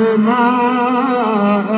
الماء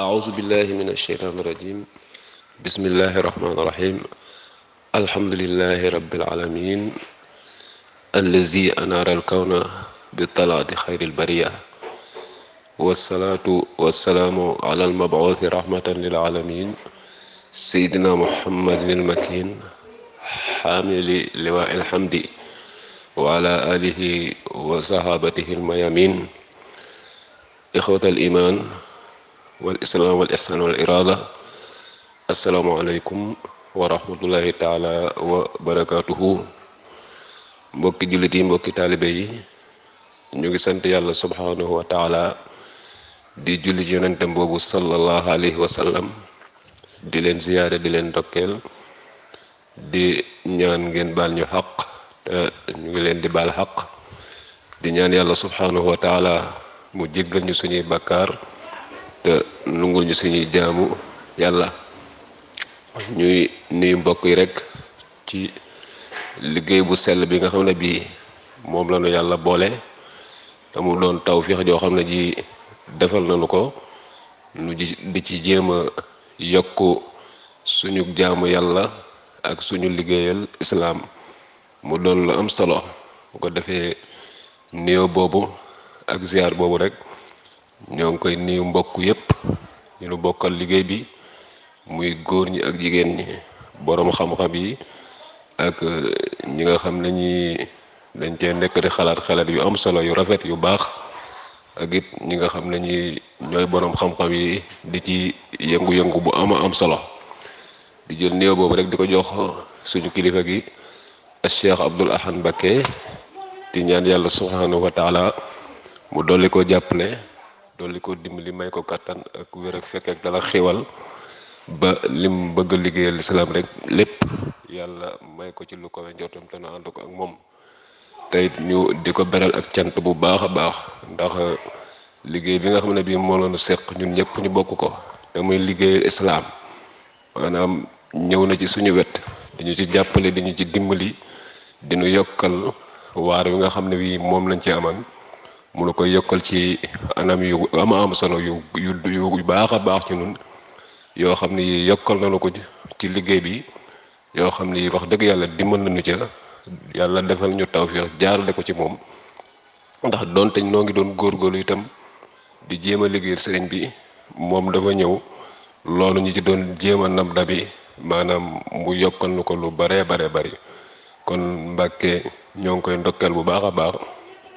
أعوذ بالله من الشيطان الرجيم بسم الله الرحمن الرحيم الحمد لله رب العالمين الذي أنار الكون بطلعة خير البرية والصلاة والسلام على المبعوث رحمة للعالمين سيدنا محمد المكين حامل لواء الحمد وعلى آله وصحابته الميامين إخوة الإيمان wal islaam wal ixsaan wal iraada asalaamaaleykum wa taala wa barakaatuhu mbokki jullit yi mbokki taalibe yi ñu ngi sant yàlla subhaanahu wa taala di julli ci yonentem boobu alayhi wa sallam di leen ziyaare di leen ndokkeel di ñaan ngeen baal ñu xaq ñu ngi leen di baal xaq di ñaan yàlla subhaanahu wa taala mu jéggal ñu suñuy bakkaar te nungul ñu suñuy jaamu yàlla ñuy nuyu mbokk yi rek ci liggéey bu sell bi nga xam ne bii moom la ñu yàlla boole te mu doon tawféex joo xam ne ji defal nañu ko nu di ci jéem a yokk suñu jaamu yàlla ak suñu liggéeyal islaam mu doon lu am solo bu ko defee néew boobu ak ziar boobu rek ñoo ngi koy nuyu mbokk yépp ñu nu bokkal liggéey bi muy góor ñi ak jigéen ñi boroom xam-xam yi ak euh, ñi nga xam ne ñi dañ cee nekk di xalaat xalaat yu am solo yu rafet yu baax ak it ñi nga xam ne ñi ñooy boroom xam yi di ci yëngu-yëngu bu ama am solo di jël néew boobu rek di ko jox suñu kilifa gi Cheikh Abdoul Ahad Mbacké di ñaan yàlla subhanahu wa taala mu dolli ko jàppale li ko dimbali may ko kàttan ak wér ak fekk ak dala xiwal ba lim bëgg liggéeyal lislaam rek lépp yàlla may ko ci lu ko njortam te nu ànd ko ak moom te ñu di ko beral ak cant bu baax a baax ndax liggéey bi nga xam ne bii moo loonu seq ñun ñëpp ñu bokk ko te muy liggéeyal islaam maanaam ñëw na ci suñu wet dañu ci jàppale dañu ci dimbali diñu yokkal waar wi nga xam ne bii moom lañ ci aman mu la koy yokkal ci anam yu am am solo yu yu yu baax a baax ci nun yoo xam ni yokkal na nañu ko ci liggéey bi yoo xam ni wax dëgg yàlla dimbal nañu ca yàlla defal ñu tawfeex jaarale ko ci moom ndax doon doonte noo ngi doon góorgóorlu itam di jéem a liggéeyal sëriñ bi moom dafa ñëw loolu ñu ci doon jéem a nab dabi maanaam mu yokkal nu ko lu baree bare bari kon Mbàkke ñoo ngi koy ndokkeel bu baax a baax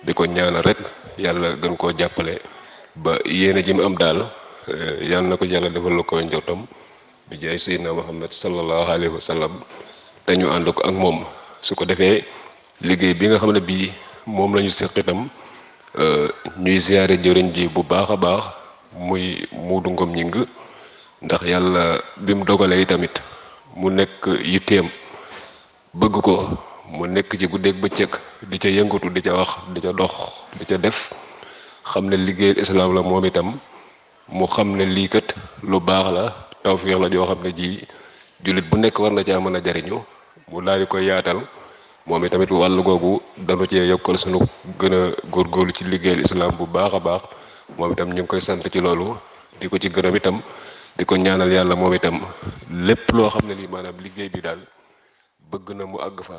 di ko ñaana rek yàlla gën koo jàppale ba yéen a ji mu am daal eh, yàlla na ko yàlla defal lu ko njortam bi jaay Seydina Muhammad sallallahu alayhi wa dañu ànd ko ak moom su ko defee liggéey bi nga xam ne bii moom lañu ñu seq itam eh, ñuy ziare jëriñ ji bu baax a baax muy Modou Ngom ñing ndax yàlla bi mu dogalee tamit mu nekk yitteem bëgg ko. mu nekk ci guddeeg bëccëg di ca yëngatu di ca wax di ca dox di ca def xam ne liggéeyal islaam la moom itam mu xam ne lii kat lu baax la tawfiix la joo xam ne ji jullit bu nekk war na caa mën a jariñu mu daal di koy yaatal moom itamit wàll googu dañu cee yokkal sunu gën góor góorlu ci liggéeyal islaam bu baax a baax moom itam ñu ngi koy sant ci loolu di ko ci gërëm itam di ko ñaanal yàlla moom itam lépp loo xam ne lii maanaam liggéey bi daal bëgg na mu àgg fa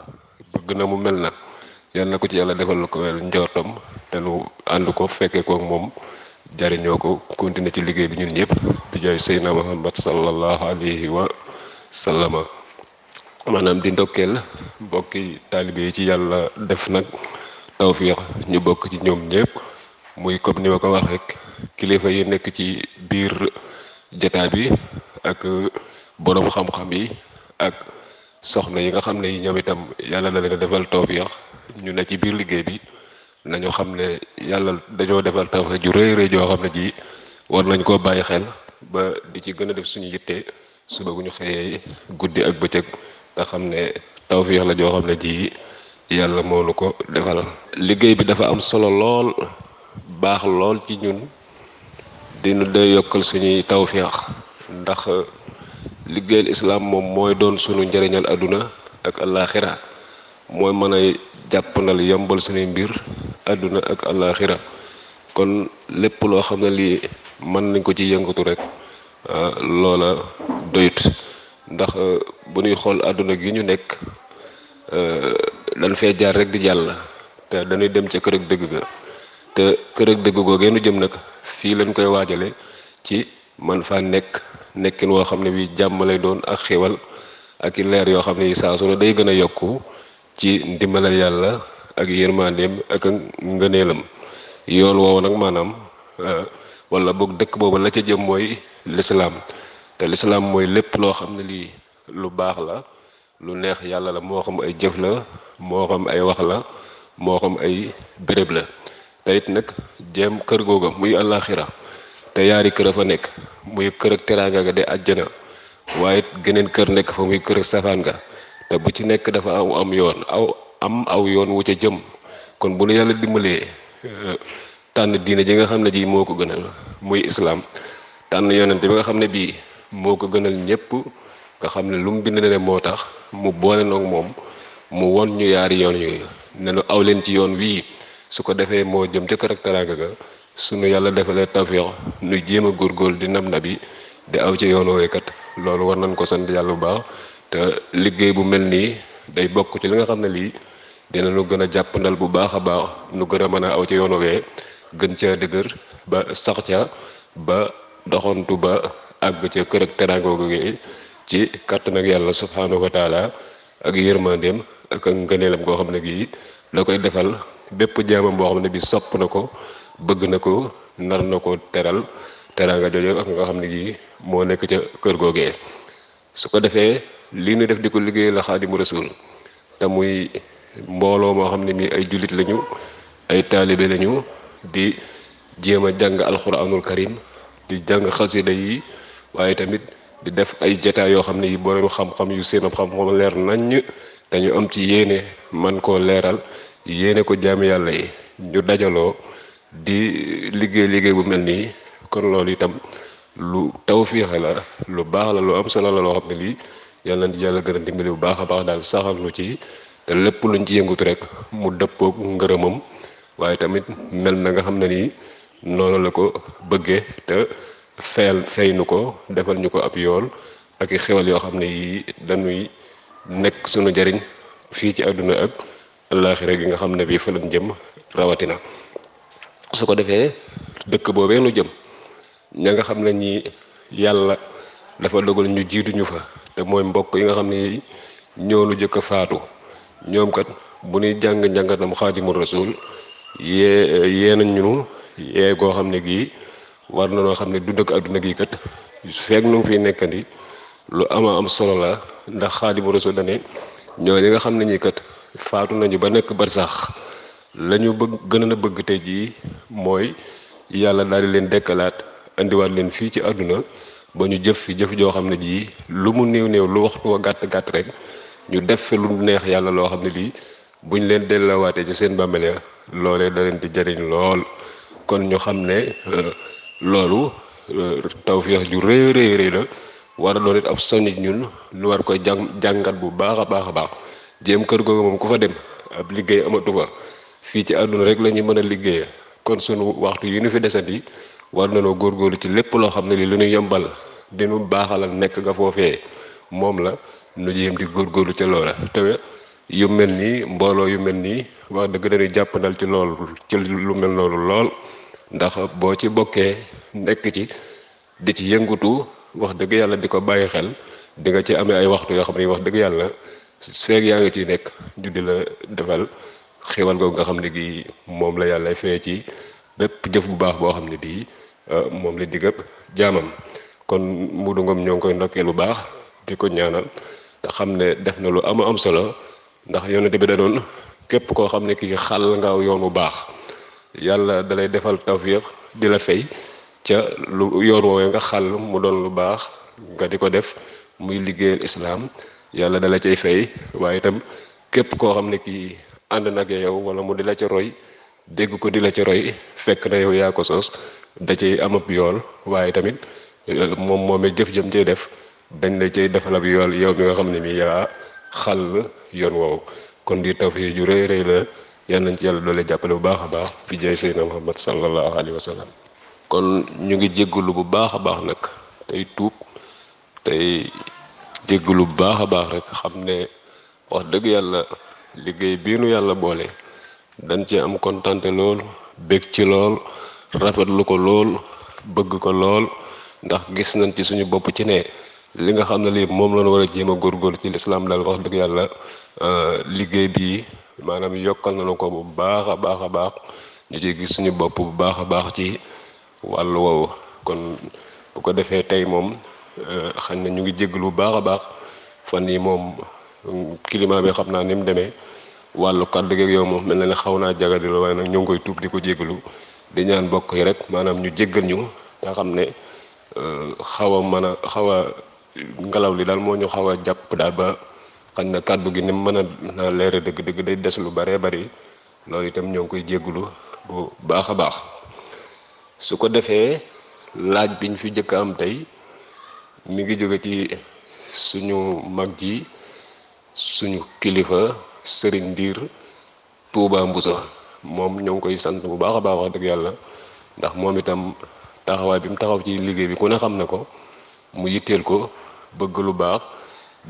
bëgg na mu mel na yal na ko ci yàlla defal ko wel njortam te nu ànd ko fekkee ko moom jariñoo ko continuer ci liggéey bi ñun ñëpp bi jaay Seydina Muhammad sallallahu alayhi wa sallama maanaam di ndokkeel mbokki taalibe yi ci yàlla def nag tawfiix ñu bokk ci ñoom ñëpp muy comme ni ma ko wax rek kilifa yi nekk ci biir jataa bi ak boroom xam-xam yi ak soxna yi nga xam ne ñoom itam yàlla na leen defal tawfeex ñu ne ci biir liggéey bi nañu xam ne yàlla dañoo defal tawfeex ju rëy rëy joo xam ne ji war nañ koo bàyyi xel ba di ci gën a def suñu yitte suba ñu xëyee guddi ak bëccëg te xam ne tawfeex la joo xam ne ji yàlla moo nu ko defal. liggéey bi dafa am solo lool baax lool ci ñun dinu day yokkal suñuy tawfeex ndax. liggéeyal islaam moom mooy doon sunu njëriñal àdduna ak àllaaxira mooy mën a jàppandal yombal suñuy mbir àdduna ak àllaaxira kon lépp loo xam ne lii mën nañ ko ci yëngatu rek ah, loola doyut ndax ah, bu ñuy xool àdduna gi ñu nekk ah, dañ fee jaar rek di jàll te dañuy dem ca kër ak dëgg ga te kër ak dëgg googee nu jëm nag fii lañ koy waajale ci man faa nekk nekkin woo xam ne bi jàmm lay doon ak xiwal ak i leer yoo xam ne yi saa su ne day gën a yokku ci ndimbalal yàlla ak yërmandeem ak ngëneelam yoon woowu nag maanaam eh, wala boog dëkk boobu la ca jëm mooy lislaam te lislaam mooy lépp loo xam ne lii lu baax la lu neex yàlla la moo xam ay jëf la moo xam ay wax la moo xam ay béréb la te it nag jëm kër googa muy àllaaxira te yaari kër a fa nekk muy kër ak teraanga ga de àjjana waaye geneen kër nekk fa muy kër ak safaan ga te bu ci nekk dafa aw am yoon aw am aw yoon wu ca jëm kon bu nu yàlla dimbalee euh, tànn diina ji nga xam ne ji moo ko gënal muy islaam tànn yonente bi nga xam ne bii moo ko gënal ñépp nga xam ne lu mu bind ne moo tax mu boole noog moom mu won ñu yaari yoon yooyu ne nu aw leen ci yoon wii su ko defee moo jëm ca kër ak teraanga ga sunu yàlla defalee tawféex nu jéem a góor di nab nab yi di aw ci yoon wooweekat loolu war nañ ko sant yàlla bu baax te liggéey bu mel nii day bokk ci li nga xam ne lii dina nu gën a jàppandal bu baax a baax nu gën a mën a aw ci yoon woowee gën caa dëgër ba sax ca ba doxantu ba àgg ca kër ak teraangoo ci kàttan ak yàlla subhaanahu wa taala ak yërmandeem ak ngëneelam koo xam ne gii da koy defal bépp jaamam boo xam ne bi sopp na ko bëgg na ko nar na ko teral teraanga jooju ak nga xam ne ji moo nekk ca kër googee su ko defee lii nu def di ko liggéey la xaadimu rasul te muy mbooloo moo xam ne mi ay jullit lañu ay taalibe lañu di jéem a jàng alxuraanul karim di jàng xasida yi waaye tamit di def ay jataay yoo xam ne yi borom xam-xam yu seen xam-xam leer naññ dañu am ci yéene man koo leeral yéene ko jaami yàlla yi ñu dajaloo di liggéey liggéey bu mel nii kon loolu itam lu tawfiix la lu baax la lu am solo la loo xam ne lii yàlla na yàlla gën a dimbali bu baax a baax daal saxal lu ci te lépp luñ ci yëngutu rek mu dëppoog ngërëmam waaye tamit mel na nga xam ne nii noonu la ko bëggee te feyal fey nu ko defal ñu ko ab yool ak i xewal yoo xam ne yii dañuy nekk suñu jariñ fii ci àdduna ak àllaaxira gi nga xam ne bii fa lañ jëm rawatina su ko defee dëkk boobee nu jëm ña nga xam ne ñi yàlla dafa dogal ñu jiituñu fa te mooy mbokk yi nga xam ne ñoo nu jëkk faatu ñoom kat bu nuy jàng njàngatam xaadimu rasul yee yee nañ ñu yee koo xam ne gii war na noo xam ne du dëkk àdduna gii kat feeg nu fii fiy nekkandi lu ama am solo la ndax xaadimu rasul da ne ñoo ñi nga xam ne ñi kat faatu nañu ba nekk barsax la ñu bëgg gëna na bëgg tey jii mooy yàlla daal di leen dekkalaat indiwaat leen fii ci àdduna ba ñu jëf fi jëf joo xam ne jii lu mu néew néew lu waxtu wa gàtt gàtt rek ñu def fi lu neex yàlla loo xam ne lii buñ leen delloowaatee ci seen bàmmeel ya loolee da leen di jariñ lool kon ñu xam ne euh, loolu euh, tawfeex ju rëy rëy la war a doon it ab soñit ñun ñu war koy jàngat bu baax a baax a baax jéem kër googu moom ku fa dem ab liggéey amatu fa fii ci àdduna rek la ñu mën a liggéey kon suñu waxtu yi ñu fi desati war na nanoo góorgóorlu ci lépp loo xam ne li lu ñu yombal dinu baaxalal nekk nga foofee moom la nu jéem di góor góorlu ci loola te yu mel nii mbooloo yu mel nii wax dëgg dañuy jàppandal ci lool ci lu mel noonu lool ndax boo ci bokkee nekk ci di ci yëngutu wax dëgg yàlla di ko bàyyi xel di nga ci amee ay waxtu yoo xam ne wax dëgg yàlla feeg yaa ngi ciy nekk ju di la defal xéwal googu nga xam ne gi moom la yàlla fee ci bépp jëf bu baax boo xam ne bii euh, moom la digëb jaamam kon Modou Ngom ñoo ngi koy ndokkeel lu baax di ko ñaanal te xam ne def na lu am am solo ndax yonent bi doon képp koo xam ne kii xàll nga yoon bu baax yàlla dalay defal tawfiq di la fay ca lu yoon woowee nga xàll mu doon lu baax nga di ko def muy liggéeyal islaam yàlla dala cay fay waaye itam képp koo xam ne kii ànd nag yow wala mu di la ca roy dégg ko di la ca roy fekk na yow yaa ko sos da cay am yool waaye tamit euh, moom moomee jëf jëm cay def dañ la cay defal ab yool yow mi nga xam ne mi yaa xàll yoon wow kon di tawfiix ju rëy rëy la yal nañ ci yàlla doole jàppale bu baax a baax fi jaay Seydina Muhammad sallallahu alayhi wa sallam kon ñu ngi jéggalu bu baax a baax nag tey tuub tey jéggalu bu baax a baax rek xam ne wax dëgg yàlla liggéey bii nu yàlla boole dañ ci am kontante lool bég ci lool rafetlu ko lool bëgg ko lool ndax gis nañ ci suñu bopp ci ne li nga xam ne lii moom loolu ñu war a jéem a góorgóorlu ci lislaam daal wax dëgg yàlla euh, liggéey bii maanaam yokkal nañu ko bu baax a baax a baax ñu ci gis suñu bopp bu baax a baax ci wàll woowu kon bu ko defee tey moom euh, xam na ñu ngi jégalu bu baax a baax fan yi moom climat bi xam naa ni mu demee wàllu kàddu gi yow moom mel na ne xaw naa jagadi la waaye nag ñoo ngi koy tuub di ko jégalu di ñaan mbokk yi rek maanaam ñu jéggal ñu te xam ne euh, xaw a mën a xaw a ngelaw li daal moo ñu xaw a jàpp daal ba xañ na kàddu gi ni mu mën a naa leere dëgg-dëgg day des lu baree bari loolu itam ñoo ngi koy jégalu bu baax a baax su ko defee laaj bi ñu fi jëkk am tey mi ngi jóge ci suñu mag ji suñu kilifa sëriñ Ndiir Touba Mbuso moom ñoo ngi koy sant bu baax a baax wax dëgg yàlla ndax moom itam taxawaay bi mu taxaw ci liggéey bi ku ne xam ne ko mu yitteel ko bëgg lu baax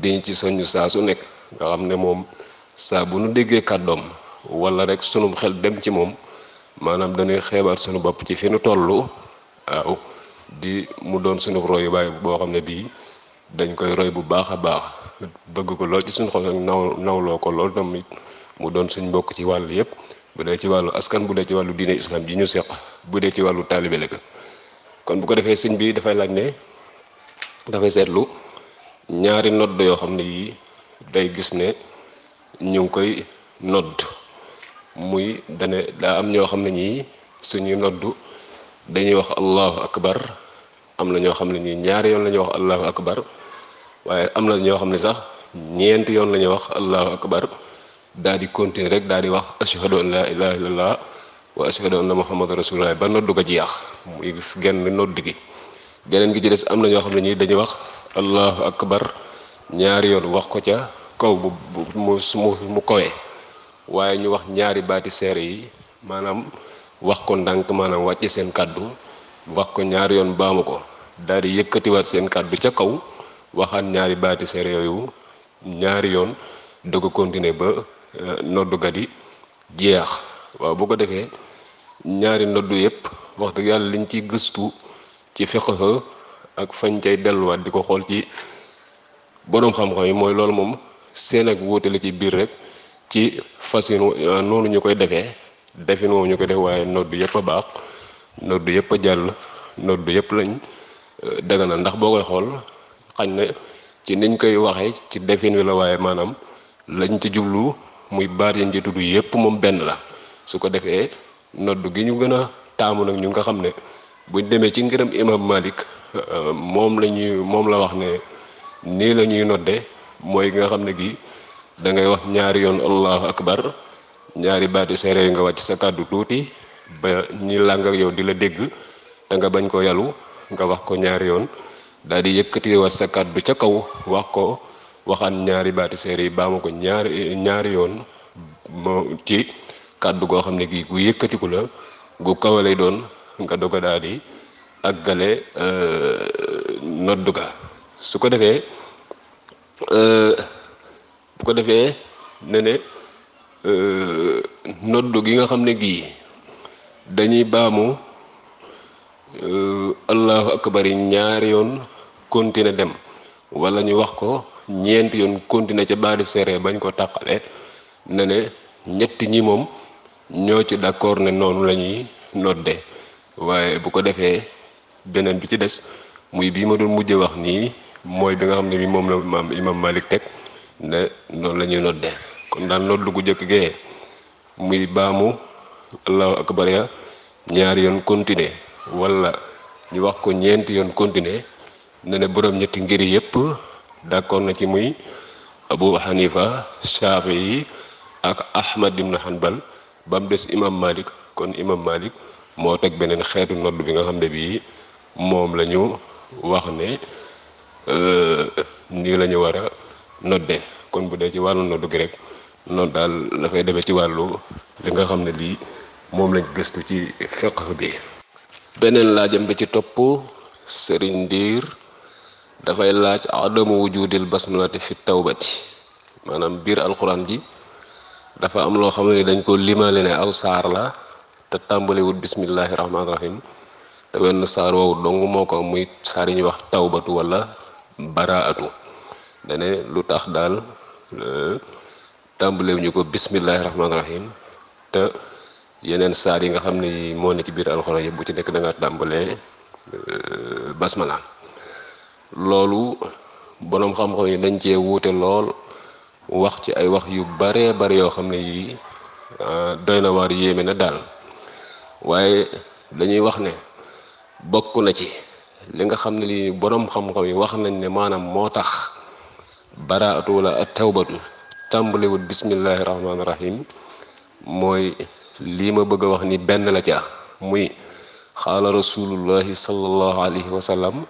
diñ ci soññ saa su nekk nga xam ne moom saa bu nu déggee kàddoom wala rek sunu xel dem ci moom maanaam dañuy xeebaat suñu bopp ci fi nu tollu waaw di mu doon suñu royu baay boo xam ne bii dañ koy roy bu baax a baax bëgg ko lool ci suñu xol naw nawloo ko lool tamit mu doon suñ bokk ci wàll yépp bu dee ci wàllu askan bu dee ci wàllu diine islam ji ñu seq bu dee ci wàllu taalibe la kon bu ko defee sëñ bii dafay laaj ne dafay seetlu ñaari nodd yoo xam ne yii day gis ne ñu ngi koy nodd muy dane daa am ñoo xam ne ñii suñuy nodd dañuy wax allahu akbar am na ñoo xam ne ñii ñaari yoon la ñuy wax allahu akbar waaye am na ñoo xam ne sax ñeenti yoon la ñuy wax allahu akbar daal di continuer rek daal di wax ashhadu an la ilaha illallah wa ashhadu anna muhammadan rasulullah ba noddu ko ji yàq muy genn nodd gi geneen gi ci des am na ñoo xam ne ñi dañuy wax allahu akbar ñaari yoon wax ko ca kaw bu mu mu kowee waaye ñu wax ñaari baati seere yi maanaam wax ko ndànk maanaam wàcce seen kàddu wax ko ñaari yoon baamu ko daal di yëkkatiwaat seen kàddu ca kaw waxaat ñaari baati seere yooyu ñaari yoon doog a continuer ba euh, noddukat yi jeex waaw bu ko defee ñaari noddu yëpp wax dëgg yàlla liñ ci gëstu ci fiqh ak fañ cay delluwaat di ko xool ci boroom xam-xam yi mooy loolu moom seen ak wuute ci biir rek ci fasin euh, noonu ñu koy defee defin moom ñu koy def waaye noddu yëpp a baax noddu yëpp a jàll noddu yëpp lañ euh, na ndax boo koy xool xañ na ci niñ koy waxee ci defin wi la waaye maanaam lañ ci jublu muy baat yañ ci tudd yépp moom benn la su ko defee nodd gi ñu gën a taamu nag ñu nga xam ne buñ demee ci ngërëm imam malik euh, moom la ñuy moom la wax ne nii la ñuy nodde mooy nga xam ne gi da ngay wax ñaari yoon allahu bar ñaari baati seere yi nga wàcc sa kàddu tuuti ba ñi làng ak yow di la dégg da nga bañ ko yalu nga wax ko ñaari yoon daal di yëkkatiwaat sa kàddu ca kaw wax ko waxaan ñaari baati seere yi baamu ko ñaari ñaari yoon ci kàddu goo xam ne gii gu yëkkatiku la gu kaw lay doon nga doog a daal di àggale euh, noddu su ko defee euh, bu ko defee ne ne euh, noddu gi nga xam ne gii dañuy baamu allahu akbar ñaari yoon continuer dem wala ñu wax ko ñeenti yoon continuer ca baari seere bañ koo tàqale na ne ñetti ñi moom ñoo ci d'accord ne noonu la ñuy nodde waaye bu ko defee beneen bi ci des muy bii ma doon mujj wax nii mooy bi nga xam ne bi moom la maam imam Malik teg ne noonu la ñuy nodde kon daan noddu gu jëkk gee muy baamu allahu akbar ya ñaari yoon continuer wala ñu wax ko ñeenti yoon continuer ne ne borom ñetti ngir yépp d'accord na ci muy abu xanifa shafii ak ahmad ibn hanbal ba mu des imam malik kon imam malik moo teg beneen xeetu nodd bi nga xam ne bii moom la ñu wax ne euh, nii la ñu war a nodde kon bu dee ci wàllu noddu gi daal dafay demee ci wàllu li nga xam ne lii moom lañ gëstu ci fiqh bi beneen laajam bi ci topp sëriñ ndiir dafay laaj adamu wujudil basmalati fi tawbati maanaam biir alquran ji dafa am loo xam ne dañ ko limale ne aw saar la te tàmbaliwut bismillahi rahmaani rahim te wenn saar woowu dong moo ko muy saar yi ñuy wax tawbatu wala baraatu lu tax daal e, tàmbalewu ñu ko bismillahi rahmaani rahim te yeneen saar yi nga xam ne moo ne ci biir alxuraan yëpp bu ci nekk danga nga tàmbalee e, basmala loolu boroom xam-xam yi dañ cee wuute lool wax ci ay wax yu baree bari yoo xam ne yii ah, doy na waar yéeme na daal waaye dañuy wax ne bokk na ci li nga xam ne lii boroom xam-xam yi wax nañ ne maanaam moo tax baraatu wala at tawbatu tàmbalewut bismillahi rahmaani rahim mooy lii ma bëgg a wax ni benn la ca muy xaala rasulullahi sallallahu alayhi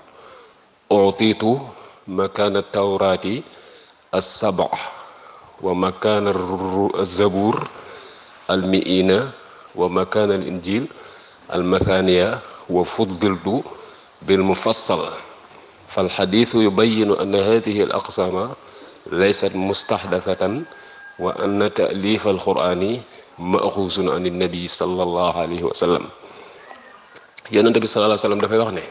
utiitu makaana tawraati assaba wa makaana zabuur almiina wa makaana alinjiil almathaniya wa fuddiltu بالمفصل فالحديث يبين أن هذه الأقسام ليست مستحدثة وأن تأليف القرآن مأخوذ عن النبي صلى الله عليه وسلم yonent bi sallallahu alayhi wa sallam dafay wax ne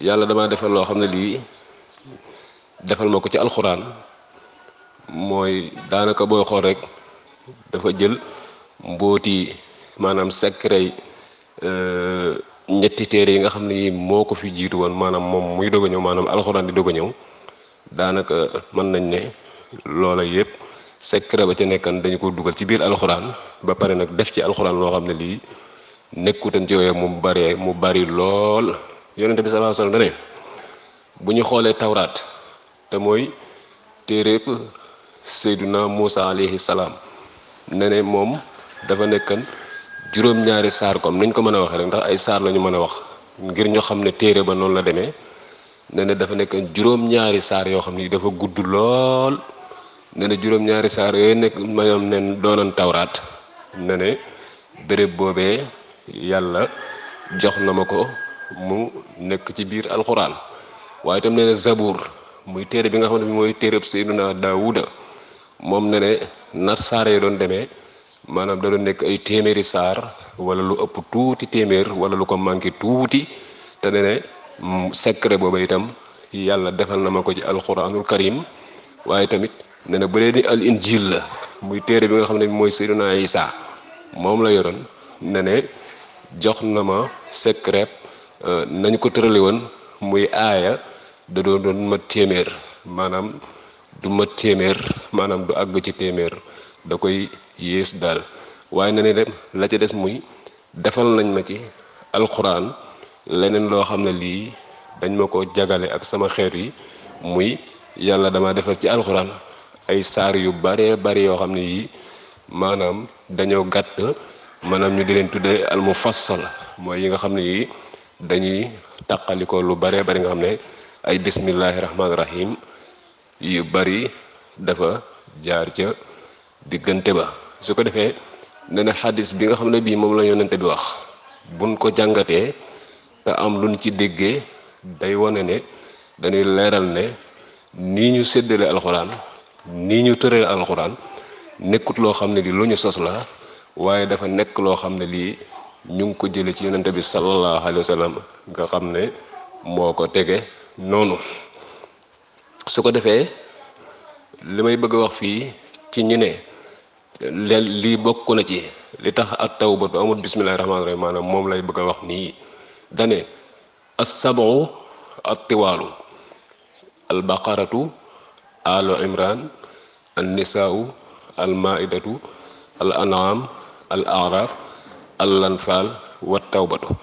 yàlla damaa defal loo xam ne lii defal ma ko ci alxuraan mooy daanaka booy xool rek dafa jël mbooti maanaam secret euh, ñetti téere yi nga xam ne moo ko fi jiitu woon maanaam moom muy doog ñëw maanaam alxuraan di doog ñëw daanaka mën nañ ne loola yépp secret ba ca nekkan dañu ko dugal ci biir alxuraan ba pare nag def ci alxuraan loo xam ne lii nekkutan ci yooyu mu bare mu bari lool yonente bi sallallahu alayhi wasallam bu ñu xoolee tawraat te mooy téeréeb seyduna Muusa alayhi salaam ne ne moom dafa nekkan juróom-ñaari saar ko mën a waxee rek ndax ay saar la ñu mën a wax ngir ñu xam ne téere ba noonu la demee ne dafa nekk juróom saar yoo xam ni dafa gudd lool ne ne juróom-ñaari saar yooyu nekk maanaam ne doonoon tawraat ne ne béréb boobee yàlla jox na ma ko mu nekk ci biir alxuraan waaye itam nee na muy téere bi nga xam ne bi mooy téereb Seydina Daawuda moom ne ne nas saar doon demee maanaam da nekk ay téeméeri saar wala lu ëpp tuuti téeméer wala lu ko manqué tuuti te ne ne mm, secret booba itam yàlla defal na ma ko ci alxuraanul karim waaye tamit ne na bu dee ni la muy téere bi nga xam ne bi mooy Seydina Isa moom la yoroon ne ne jox na ma secret Euh, nañ ko tërale woon muy aaya da doon ma téeméer maanaam du ma téeméer maanaam du àgg ci téeméer da koy yées daal waaye na ne dem la ca des muy defal nañ ma ci alxuraan leneen loo xam ne lii dañ ma ko jagale ak sama xeer yi muy yàlla dama defal ci alxuraan ay saar yu bare bare yoo xam ne yii maanaam dañoo gàtt maanaam ñu di leen tuddee almufassal mooy yi nga xam ne yii dañuy taqalikoo lu bare bari nga xam ne ay bismillahi rahmaani rahim yu bari dafa jaar ca diggante ba su ko defee ne na xadis bi nga xam ne bii moom la yonente bi wax buñ ko jàngatee te am luñ ci déggee day wane ne dañuy leeral ne nii ñu séddale alxuraan nii ñu tërale alxuraan nekkut loo xam ne lii lu ñu sos la waaye dafa nekk loo xam ne lii ñu ngi ko jële ci yonente bi sallallahu alayhi wa sallam nga xam ne moo ko tege noonu su ko defee li may bëgg a wax fii ci ñi ne leen lii bokk na ci li tax at tawbatu amul bismillahi rahmaani rahim moom lay bëgg a wax nii dane assabu attiwaalu albaqaratu alu imran an nisaau al maidatu al anam al araf al-anfaal wa tawbatu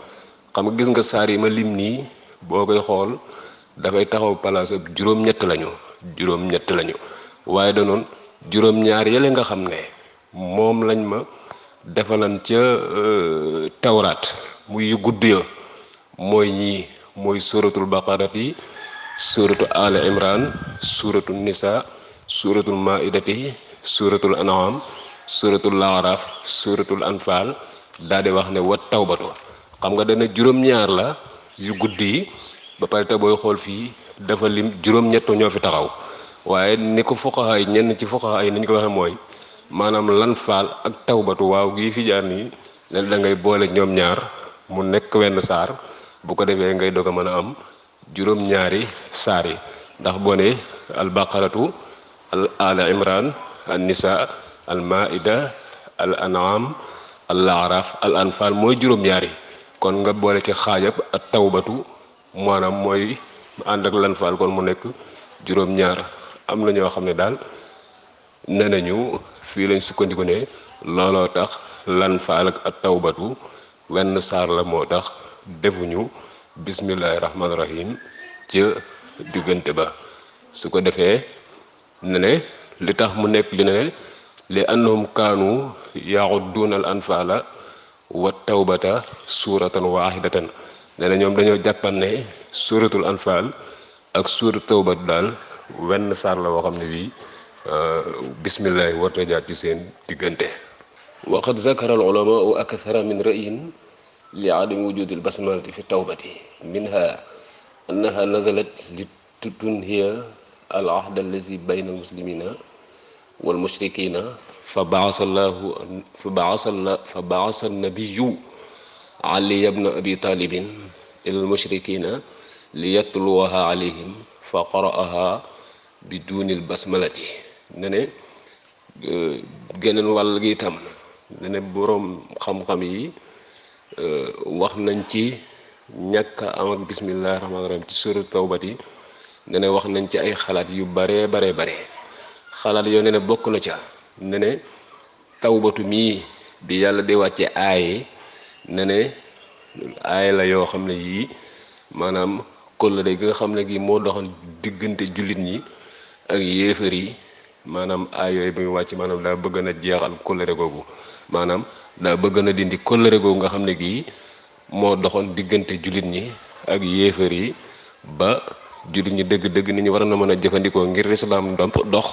xam nga gis nga saar yi ma lim nii boo koy xool dafay taxaw palaas ab juróom-ñett lañu juróom-ñett lañu waaye danoon juróom-ñaar yële nga xam ne moom lañ ma defalan ca euh, tawraat muy yu gudd ya mooy ñii mooy suratul baqarati suratu ala imran suratu nisa suratul maidati suratul anam suratul laaraaf suratul anfal daa di wax ne wat tawbatu xam nga dana juróom-ñaar la yu guddi yi ba pare te booy xool fii dafa lim juróom-ñett ñoo fi taxaw waaye ni ko fuqaha ñenn ci fuqaha yi ni ñu ko waxe mooy maanaam lan faal ak tawbatu waaw gii fi jaar ni len da ngay boole ñoom ñaar mu nekk wenn saar bu ko defee ngay doog a mën a am juróom-ñaari saar yi ndax boo ne al baqaratu al al imran an nisa al maida al anam al araaf al anfaal mooy juróom-ñaari kon nga boole ci xaajab ak tawbatu maanaam mooy ànd ak lanfaal kon mu nekk juróom-ñaar am na ñoo xam ne daal nee nañu fii lañ sukkandiku ne looloo tax lanfaal ak ak tawbatu wenn saar la moo tax defuñu bismillahi rahmaani rahim ca diggante ba su ko defee ne li tax mu nekk li ne li annahum kaanu yaxudduuna al anfaala wa tawbata suuratan waahidatan nee na ñoom dañoo jàppan ne suuratul anfaal ak suura tawbat daal wenn saar la woo xam ne bii euh, bismillahi warta jaar ci seen diggante wa qad zakara al ulamaau akthara min ra'yin li adami wujudi al fi tawbati minha annaha nazalat li tunhiya al ahda allazi bayna al muslimina wal mushrikiina fa baasallahu fa baasalla fa baasa nabiyu aliya bna abi taalibin ilal mushrikiina li yatluwaha alayhim fa qara'aha bi duunil basmalati ne ne eh, geneen wàll gi itam ne ne boroom xam-xam yi eh, wax nañ ci ñàkk am ak bismillahi rahmaani rahim ci suurat tawbati ne wax nañ ci ay xalaat yu bare bare bare xalaat yoo ne ne bokk na ca ne ne tawbatu mii bi yàlla di wàcce aaye ne ne aaye la yoo xam ne yii maanaam kóllëre gi nga xam ne gi moo doxoon diggante jullit ñi ak yéefar yi maanaam yooyu bi mu wàcc maanaam daa bëgg na jeexal kóllëre googu maanaam daa bëgg na dindi kóllëre googu nga xam ne gii moo doxoon diggante jullit ñi ak yéefar yi ba jullit ñi dëgg-dëgg nit ñi war na mën a jëfandikoo ngir lislaam dox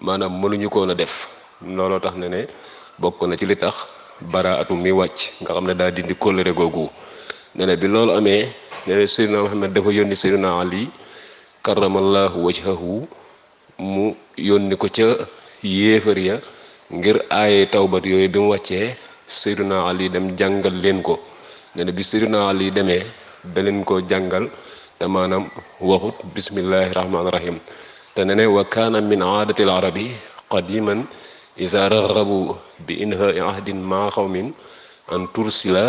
maanaam mënuñu koon a def looloo tax ne ne bokk na ci li tax baraatu mi wàcc nga xam ne daa dindi kóllëre googu ne bi loolu amee ne ne Seydina Muhammad dafa yónni Seydina Ali karamallahu wajhahu mu yónni ko ca yéefar ya ngir aaye tawbat yooyu bi mu wàccee Seydina Ali dem jàngal leen ko ne ne bi Seydina Ali demee da leen ko jàngal te maanaam waxut bismillahi rahmaani rahim te ne ne wa kaana min aadati larabi qadiman isa raxabu bi inhaai ahdin maa xawmin an tursila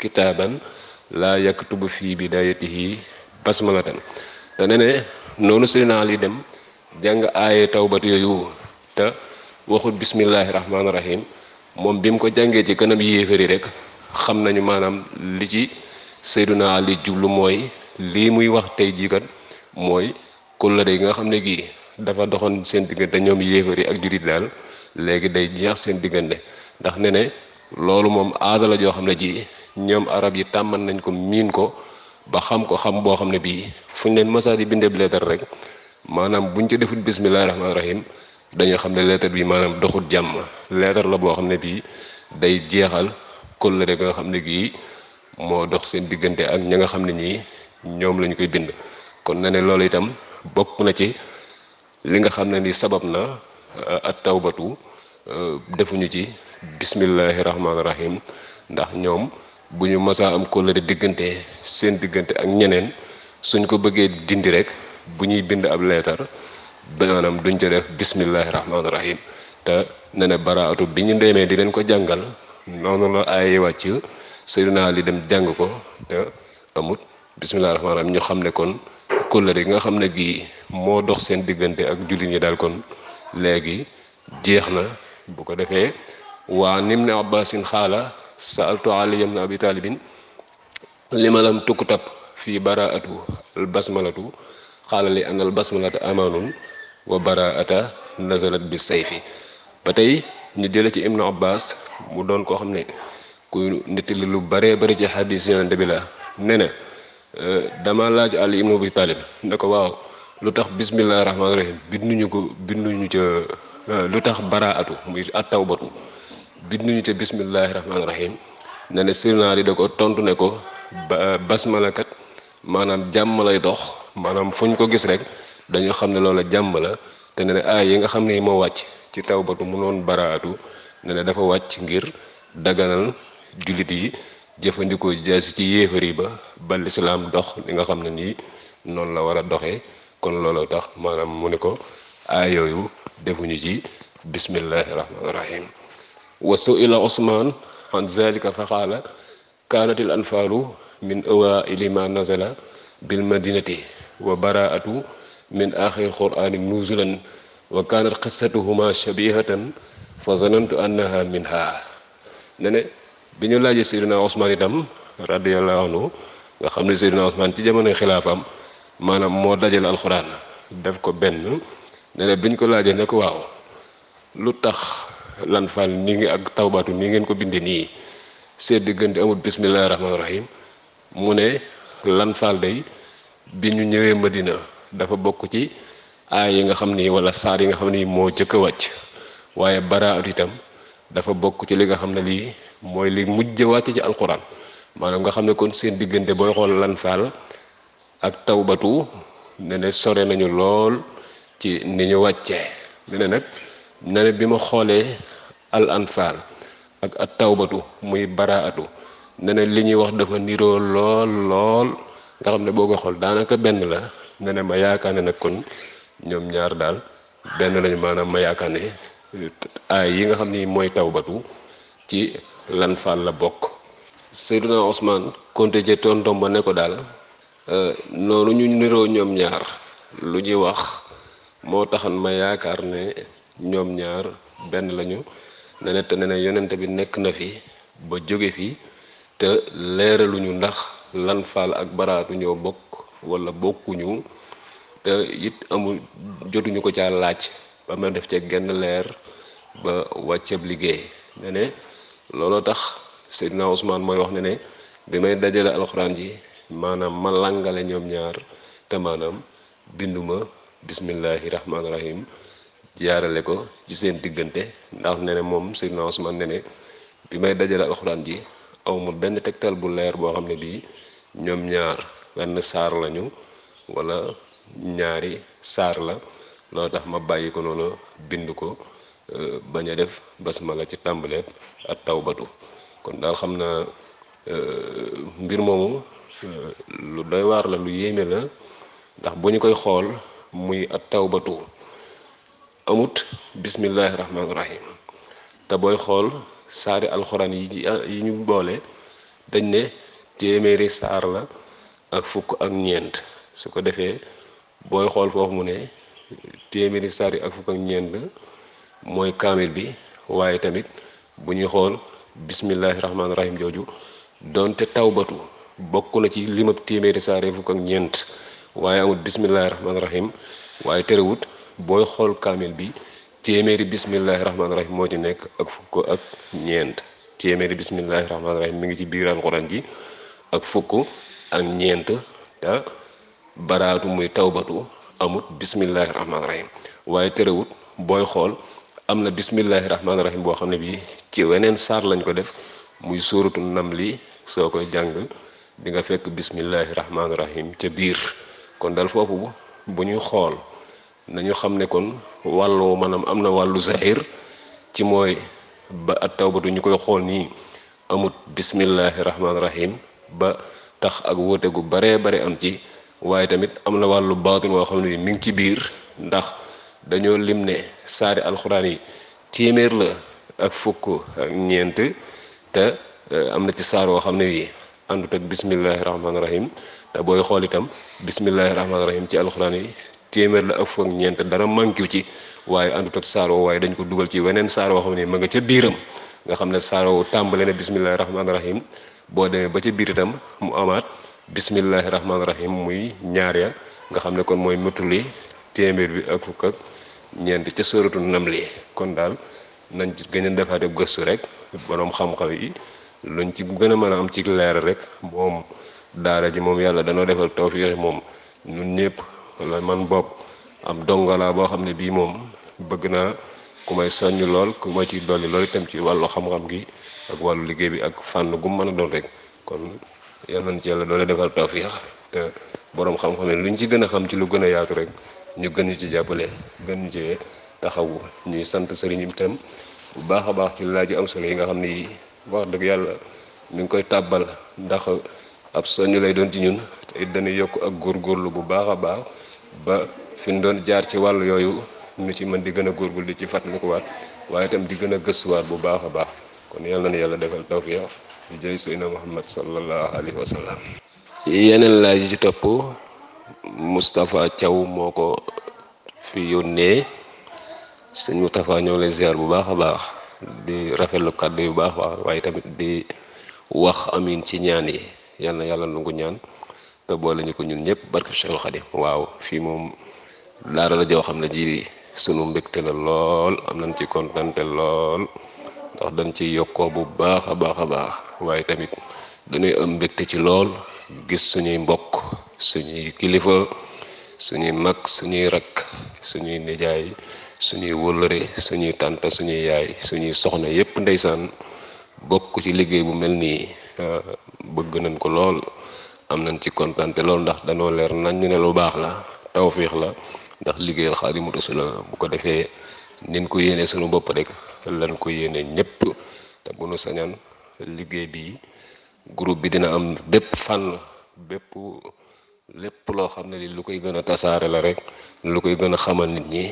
kitaaban laa yaktubu fi bidayatihi basmalatan te ne ne noonu Seydina Ali dem jàng aaye tawbat yooyu te waxut bismillahi rahmaani rahim moom bi ko jàngee ci kanam yéefari rek xam nañu maanaam li ci Seydina Ali jublu mooy lii muy wax tey jiikat mooy kóllëre yi nga xam ne gii dafa doxoon seen diggante ñoom yéefar yi ak jurit daal léegi day jeex seen diggante ndax ne ne loolu moom aadala joo xam ne ji ñoom arab yi tàmman nañ ko miin ko ba xam ko xam boo xam ne bii fu ñu leen massa di bindeeb leetar rek maanaam buñ ci defut bismillahi rahmaani rahim dañoo xam ne leetar bi maanaam doxut jàmm leetar la boo xam ne bii day jeexal kóllëre bi nga xam ne gii moo dox diggante ak ña nga xam ne ñii ñoom lañ koy bind kon na ne loolu itam bokk na ci li nga xam ne ni sabab na euh, ak tawbatu euh, defuñu ci bismillahi rahmaani rahim ndax ñoom bu ñu masaa am kóllëre diggante seen diggante ak ñeneen suñ ko bëggee dindi rek bu ñuy bind ab leetar maanaam duñ ca def bismillahi rahmaani rahim te ne ne baraatu bi ñu demee di leen ko jàngal noonu la ay wàcc Seydina Ali dem jàng ko te amut bismillahi rahmaani rahim ñu xam ne kon kóllëre gi nga xam ne gii moo dox seen diggante ak jullit ñi daal kon léegi jeex na bu ko defee waa nim ne abbasin xaala saaltu ali ibn abi taalibin lima tukkutab fii baraatu al basmalatu xaala li an al basmalata amaanun wa baraata nazalat bi sayfi ba tey ñu jële ci ibnu abbas mu doon koo xam ne kuy nettali lu baree bari ci xadiis yonente bi la ne Euh, dama laaj Ali ibn Abi Talib ne ko waaw lu tax bisimilah rahmaani rahim binduñu ko binduñu ca euh, lu tax baraatu muy attawbatu binduñu ca bisimilah rahmaani rahim ne ne sirna li da ko tontu ne ko euh, basmala kat maanaam jàmm lay dox maanaam fu ñu ko gis rek dañu xam ne loolu jàmm la te ne ne aay yi nga xam ne moo wàcc ci tawbatu mu noon baraatu ne ne dafa wàcc ngir daganal jullit yi. jëfandikoo jaasi ci yéefari ba ba lislaam dox li nga xam ne nii noonu la war a doxee kon looloo tax maanaam mu ne ko aay yooyu defuñu ci bismillahi rahmaani rahim wa suila usman an zalika fa qaala kaanat anfaalu min awaili ma nazala bil madinati wa baraatu min axir qurani nuzulan wa kaanat qissatuhuma shabihatan fa zanantu annaha minha ne ne bi ñu laaj laajee Seydina Ousmane itam radiyallahu anhu nga xam ne Seydina Ousmane ci jamonoy xilaafam maanaam moo dajale alxuraan def ko benn ne ne bi ñu ko laajee ne ko waaw lu tax lan fal nii ngi ak tawbaatu ni ngeen ko bindee nii seen diggante amul bismillahi rahmaani rahim mu ne lan faal day bi ñu ñëwee Madina dafa bokk ci aay yi nga xam ni wala saar yi nga xam ni moo jëkk a wàcc waaye baraat itam dafa bokk ci li nga xam ne lii mooy li mujj wàcc ci alquran maanaam nga xam ne kon seen diggante booy xool lan faal ak tawbatu ne ne sore nañu lool ci ni ñu wàccee ne ne nag ne bi ma xoolee al ak at tawbatu muy baraatu ne li ñuy wax dafa niroo lool lool nga xam ne boo ko xool daanaka benn la ne ma yaakaar ne nag kon ñoom ñaar daal benn lañu maanaam ma yaakaar ne aay yi nga xam ni mooy tawbatu ci lan faal la bokk Seydina Ousmane Konté je tontom ba ne ko daal euh, noonu ñu niroo ñoom ñaar lu ñuy wax moo taxoon ma yaakaar ne ñoom ñaar benn lañu ne ne te ne ne bi nekk na fi ba jóge fi te leeraluñu ndax lan faal ak baraatu ñoo bokk wala bokkuñu te it amul jotuñu ko caa laaj ba ma def ca genn leer ba wàcceb liggéey ne looloo tax Seydina Ousmane mooy wax ne ne bi may dajale alxuraan ji maanaam ma langale ñoom ñaar te maanaam binduma bismillahi rahmaani rahim jaarale ko ci seen diggante ndax ne ne moom Seydina Ousmane ne ne bi may dajale alxuraan ji awma benn tegtal bu leer boo xam ne bii ñoom ñaar benn saar lañu wala ñaari saar la loolu tax ma bàyyi ko noonu bind ko euh, bañ a def la ci tàmbaleeb at tawbatu kon daal xam naa euh, mbir moomu euh, lu doy waar la lu yéeme la ndax bu ñu koy xool muy at tawbatu amut bismillahi rahmaani te booy xool saari alxuraan yi ah, yi ñu boole dañ ne téeméeri saar la ak fukk ak ñeent su ko defee booy xool foofu mu ne téeméeri saar yi ak fukk ak ñeent mooy kaamil bi waaye tamit bu ñuy xool bismillahi rahmaani rahim jooju donte tawbatu bokk na ci lima téeméeri saare fukk ak ñeent waaye amul bismillahi rahmaani rahim waaye terewut booy xool kaamil bi téeméeri bismillahi rahmaani rahim moo ci nekk ak fukk ak ñeent téeméeri bismillahi rahmaani rahim mi ngi ci biir alxuraan ji ak fukk ak ñeent te baraatu muy tawbatu amut bismillahi rahmaani rahim waaye terewut booy xool am na bismillahi rahmaani rahim boo xam ne bii ci weneen saar lañ ko def muy sóoratu nam li soo koy jàng di nga fekk bismillahi rahmaani rahim ca biir kon dal foofu bu ñuy xool nañu xam ne kon wàllu maanaam am na wàllu zahir ci mooy ba at tawbatu ñu koy xool nii amut bismillahi rahmaani rahim ba tax ak wóote gu baree bare am ci waaye tamit am na wàllu baatin woo xam ne bi mi ngi ci biir ndax dañoo lim ne saari alxuraan yi téeméer la ak fukk ak ñeent te euh, am na ci saar woo xam ne wii andu ak bismillahi rahmaani rahim te booy xool itam bismillahi rahmaani rahim ci alxuraan yi téeméer la ak fukk ñeent dara manqué ci waaye àndut ak saar waaye dañ ko dugal ci weneen saar woo xam ne ma nga ca biiram nga xam ne saar woo tàmbale na bismillahi rahmaani rahim boo demee ba ca biir itam mu amaat bismillahi rahmaani rahim muy ñaar ya nga xam ne kon mooy mëtuli téeméer bi ñeent ca sóoratu namli kon daal nañ ci gën a defaate gëstu rek boroom xam-xam yi luñ ci gën a mën a am ci leer rek moom daara ji moom yàlla danoo defal tawfiix moom ñun ñëpp man bopp am dongalaa boo xam ne bii moom bëgg naa ku may lool ku ma ci dolli lool itam ci wàllu xam-xam gi ak liggéey bi ak fànn gu mën a doon rek kon nañ ci doole defal tawfiix te boroom xam-xam yi ñu ci gën a xam ci lu gën a yaatu rek ñu gën ñu ci jàppale gën ñu ci taxawu ñuy sant sëriñ bi tam bu baax a baax ci laaj yu am solo yi nga xam ni wax dëgg yàlla mu ngi koy tàbbal ndax ab soñu lay doon ci ñun te it dañuy yokk ak góorgóorlu bu baax a baax ba fi ñu doon jaar ci wàll yooyu ñu ci mën di gën a góorgóorlu li ci fàttalikuwaat waaye tam di gën a gëstuwaat bu baax a baax kon yàlla na yàlla defal tawfiq di jëy Seydina Muhammad sallallahu alayhi wa sallam yeneen laaj ci topp Moustapha caw moo ko fi yónnee sëñ Moustapha ñoo lay ziar bu baax a baax di rafetlu kàdd yu baax waaye tamit di wax amin ci ñaan yi yal na yàlla nangu ñaan te boole ñu ko ñun ñëpp barke Cheikhul Khadim waaw fii moom daara la joo xam na ji sunu mbégte la lool am nañ ci kontante lool ndax dañ ci yokkoo bu baax a baax a baax waaye tamit dañuy am mbégte ci lool gis suñuy mbokk suñuy kilifa suñuy mag suñuy rakk suñuy nijaay suñuy wëllëre suñuy tànt suñuy yaay suñuy soxna yépp ndeysaan bokk ci liggéey bu mel nii euh, bëgg nañ ko lool am nañ ci kontante lool ndax danoo leer nañ ñu ne lu baax la tawfiix la ndax liggéeyal Xaadimu Rasuul bu ko defee nin ko yéene suñu bopp de lan ko yéene ñépp te bu nu sañan liggéey bii groupe bi dina am bépp fànn bépp lépp loo xam ne li lu koy gën a tasaare la rek lu koy gën a xamal nit ñi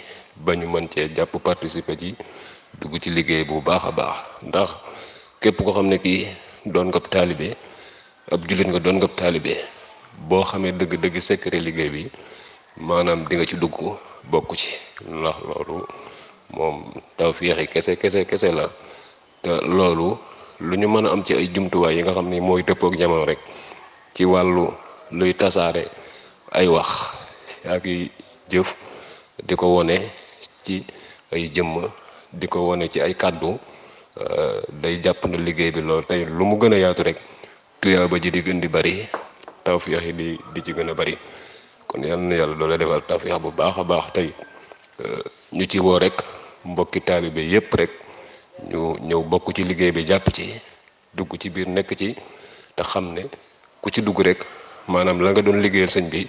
ba ñu mën cee jàpp participer ci dugg ci liggéey bu baax a baax ndax képp ko xam ne kii doon nga taalibe ab jullit nga doon nga taalibe boo xamee dëgg-dëgg secret liggéey bi maanaam dinga ci dugg bokk ci ndax loolu moom taw féexi kese kese kese la loolu lu ñu mën a am ci ay jumtuwaay yi nga xam ni mooy dëppook jamono rek ci wàllu luy tasaare ay wax ak i jëf di ko wone ci ay jëmm di ko wone ci ay kàddu eh, day jàpp na liggéey bi lool tey lu mu gën a yaatu rek tuyaa ba ji di gën di bari tawfeex yi di di ci gën a bari kon yal na yàlla doola defal tawfeex bu baax a baax tey eh, ñu ci woo rek mbokki taalibe yépp rek ñu ñëw bokk ci liggéey bi jàpp ci dugg ci biir nekk ci te xam ne ku ci dugg rek maanaam la nga doon liggéeyal sëñ bi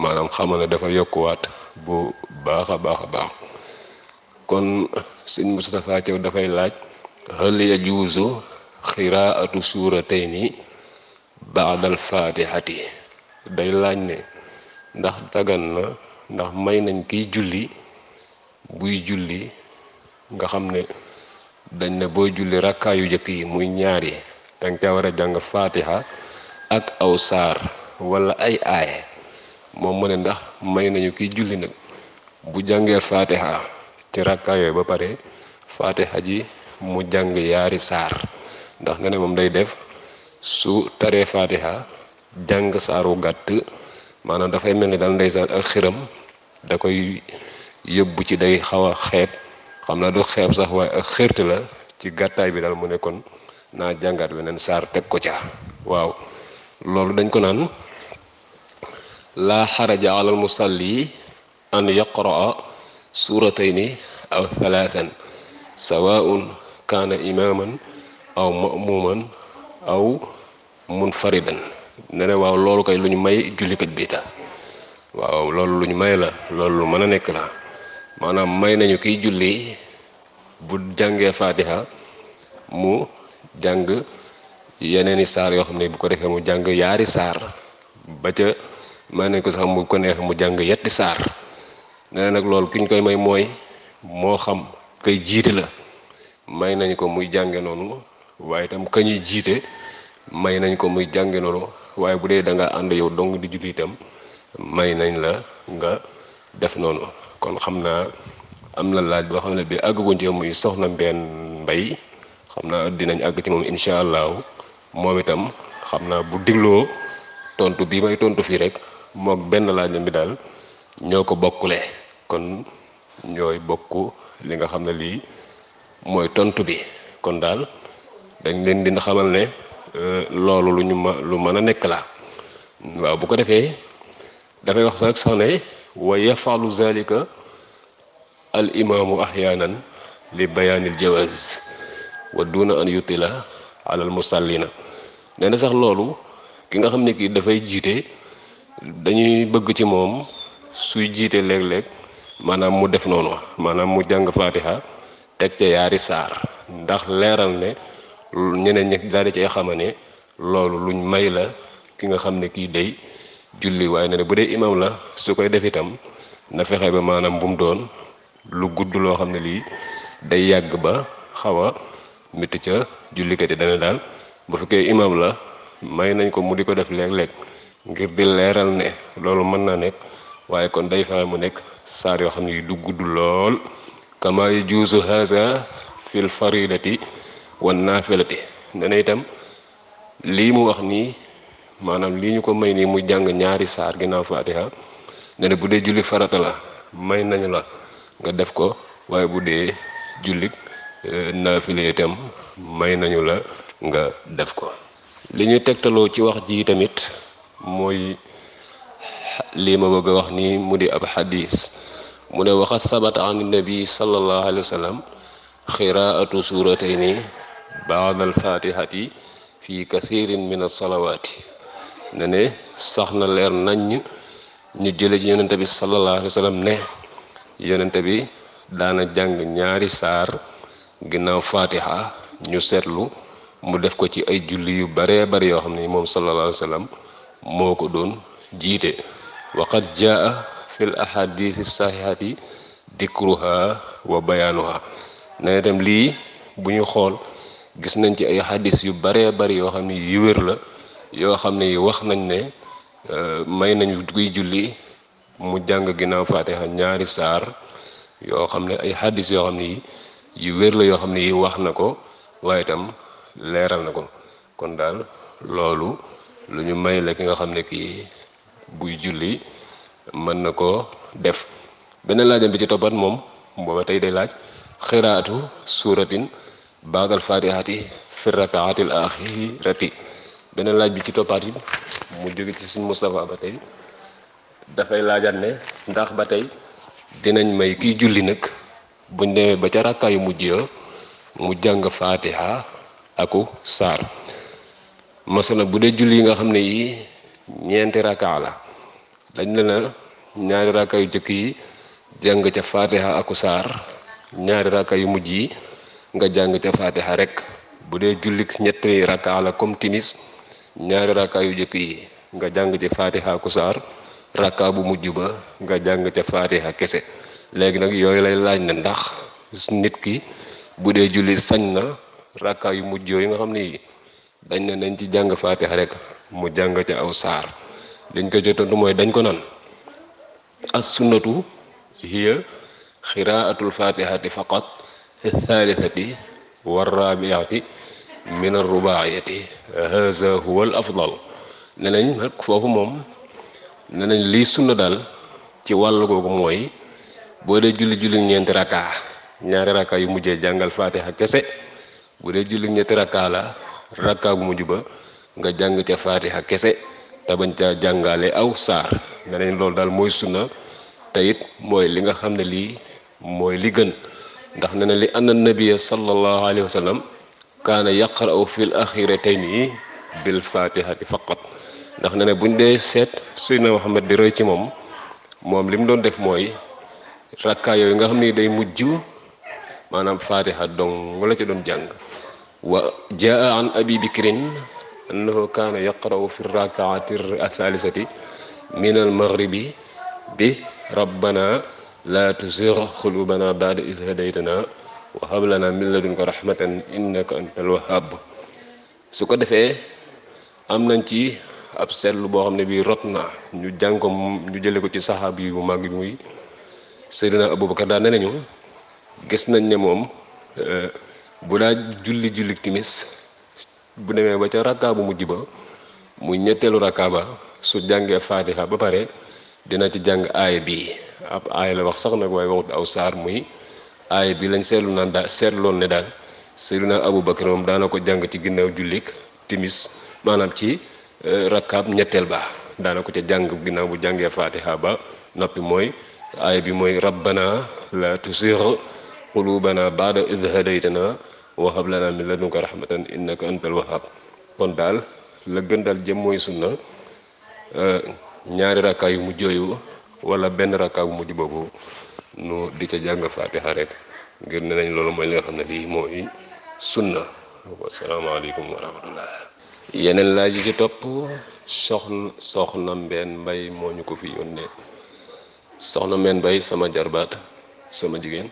maanaam xamal ne dafa yokkuwaat bu baax a baax a baax kon sëñ Moustapha Thiaw dafay laaj hal yajuuzu xiraatu suuratayni baadal faatihati day laaj ne ndax dagan na ndax may nañ kiy julli buy julli nga xam ne dañ ne boo julli rakkaa yu njëkk yi muy ñaari dañ ca war a jàng faatiha ak aw saar wala ay aaye moom mu ne ndax may nañu kiy julli nag bu jàngee faatiha ci rakkaa yooyu ba pare faatiha ji mu jàng yaari saar ndax ne ne moom day def su taree faatiha jàng saaru gàtt maanaam dafay mel ni daal ndeysaan ak xiram da koy yóbbu ci day xaw a xeet xam naa du xeeb sax waaye ak xërte la ci gàttaay bi daal mu ne kon naa jàngat beneen saar teg ko ca waaw loolu dañ ko naan laa xaraja alal musalli an yaqraa suuratayni aw thalathan sawaun kaana imaaman aw mamuman aw munfaridan ne waaw loolu kay lu ñu may jullikat bi ta waaw loolu lu ñu may la loolu lu mën a nekk la maanaam may nañu kiy julli bu jàngee faatiha mu jàng yeneeni saar yoo xam ne bu ko defee mu jàng yaari saar ba ca may nañ ko sax mu ko neex mu jàng yetti saar nee nag loolu ki ñu koy may mooy moo xam kay jiite la may nañ ko muy jànge noonu waaye itam ka jiite may nañ ko muy jànge waaye bu dee da ànd yow dong di julli itam may nañ la nga def noonu kon xam naa am na laaj boo xam ne bi àggaguñ ci muy soxna mbenn mbay xam naa dinañ àgg ci moom incha allahu moom itam xam naa bu digloo tontu bii may tontu fii rek mook benn laaj bi daal ñoo ko bokkule kon ñooy bokk li nga xam ne lii mooy tontu bi kon daal dañ leen dina xamal ne euh, loolu lu ñu mën a nekk la waaw bu ko defee dafay wax sax soxna wa yafalu zalika al imaamu ahyaanan li bayaanil jawaaz wa duna an yutila alal musallina nee na sax loolu ki nga xam ne kii dafay jiite dañuy bëgg ci moom suy jiite léeg-léeg maanaam mu def noonu maanaam mu jàng faatiha teg ca yaari saar ndax leeral ne ñeneen ñi daal di cay xamane loolu luñ may la ki nga xam ne kii dey julli waaye ne bu dee imam la su koy def itam na fexe ba maanaam bu doon lu gudd loo xam ne lii day yàgg ba xaw a métti ca jullikat yi dana daal bu fekkee imam la may nañ ko mu di ko def léeg-léeg ngir di leeral ne loolu mën naa nekk waaye kon day fexe mu nekk saar yoo xam ne yu du gudd lool kama yajuuzu haza fil faridati wan naafilati dana itam lii mu wax nii maanaam lii ñu ko may nii muy jàng ñaari saar ginnaaw faatiha ne ne bu dee julli farata la may nañu la nga def ko waaye bu dee jullik eh, naafile itam may nañu la nga def ko li ñu tegtaloo ci wax ji tamit mooy lii ma bëgg a wax nii mu di ab xadis mu ne waxat sabata an nabi sallallahu alayhi wa sallam xiraatu suuratayni baada alfatihati fi kathirin min alsalawaati ne ne sax na leer naññ ñu jële ci yonente bi sallallahu alayhi ne yonente bi daana jàng ñaari saar ginnaaw faatiha ñu seetlu mu def ko ci ay julli yu baree bari yoo xam ne moom sallallahu alayhi wa moo ko doon jiite waqad jaa fil ahadisi sahihaati dikruha wa bayaanuha nee itam lii bu ñu xool gis nañ ci ay xadis yu bare bari yoo xam ne yu wér la yoo xam ne yi wax nañ ne euh, may nañu guy julli mu jàng ginnaaw faatiha ñaari saar yoo xam ne ay xaddis yoo xam ne yi yu wér la yoo xam ne yi wax na ko waaye itam leeral na ko kon daal loolu lu ñu may la ki nga xam ne kii buy julli mën na ko def beneen laajam bi ci toppat moom booba tey day laaj xiraatu suuratin baadal faatihati fi rakaatil axirati beneen laaj bi ci toppaat yi mu jóge ci suñ Moustapha ba tey dafay laajaat ne ndax ba tey dinañ may kiy julli nag buñ demee ba ca rakkaayu mujj ya mu jàng faatiha aku saar masala bu dee julli yi nga xam ne yi ñeenti rakkaa la dañ la na ñaari rakka yu jëkk yi jàng ca faatiha aku saar ñaari rakka yu mujj yi nga jàng ca faatiha rek bu dee julli ñett rakkaa la comme timis ñaari rakka yu jëkk yi nga jàng ci faatiha ku saar rakka bu mujj ba nga jàng ca faatiha kese léegi nag yooyu lay laaj ne ndax nit ki bu dee julli sañ na rakka yu mujj yooyu nga xam ni dañ ne nañ ci jàng faatiha rek mu jàng ci aw saar dañ ko ci tontu mooy dañ ko nan as sunnatu hiya xiraatul faatihati faqat thalithati warrabiati min arrubaayati haza huwa al afdal ne nañ foofu moom ne lii liy sunna daal ci wàll googu mooy boo dee julli julli ñeenti rakka ñaari rakka yu mujjee jàngal faatiha kese bu dee julli ñetti rakka la rakka bu mujj ba nga jàng ca faatiha kese te bañ ca jàngaale aw saar ne nañ loolu daal mooy sunna te it mooy li nga xam ne lii mooy li gën ndax ne na li anna nabiya sallallahu alayhi wa kaana yaqra'u fil axiratayni bil fatihati faqat ndax ne ne buñ dee seet Seydina Muhammad di roy ci moom moom li mu doon def mooy rakkaa yooyu nga xam ni day mujj maanaam fatiha dong la ca doon jàng wa jaa an abi bikrin annahu kaana yaqra'u fi rakaati athalisati min almaghribi bi rabbana la tuzigh qulubana ba'da idh hadaytana wa hab na min ladunka rahmatan innaka antal wahhab su ko defee am nañ ci ab seetlu boo xam ne bii rot na ñu jàng ko ñu jële ko ci saxaab yi bu mag muy Seydina Abubakar daa ne nañu gis nañ ne moom eh, bu daa julli julli timis bu demee ba ca rakkaa bu mujj ba muy ñetteelu rakkaa su jàngee faatiha ba pare dina ci jàng aay bi ab aaya la wax sax nag waaye waxut aw saar muy aay bi lañ seetlu naan daal seetloon ne daal abu Aboubacar moom daana ko jàng ci ginnaaw jullik timis maanaam ci euh, rakkaab ñetteel ba daana ko ca jàng ginnaaw bu jàngee fatiha ba noppi mooy aay bi mooy rabbana la tusir qulubana baada id hadaytana wa hab lana min ladunka rahmatan innaka antal wahhab kon daal la gën daal jëm mooy sunna euh, ñaari rakkaa yu mujj yooyu benn rakkaa mujj boobu nu di ca jàng fatiha rek ngir ne nañ loolu mooy li xam ne lii mooy sunna wasalaamaaleykum wa rahmatullah laaj yi ci topp soxna soxna mbenn mbay moo ñu ko fi yónnee soxna mbenn mbay sama jarbaat sama jigéen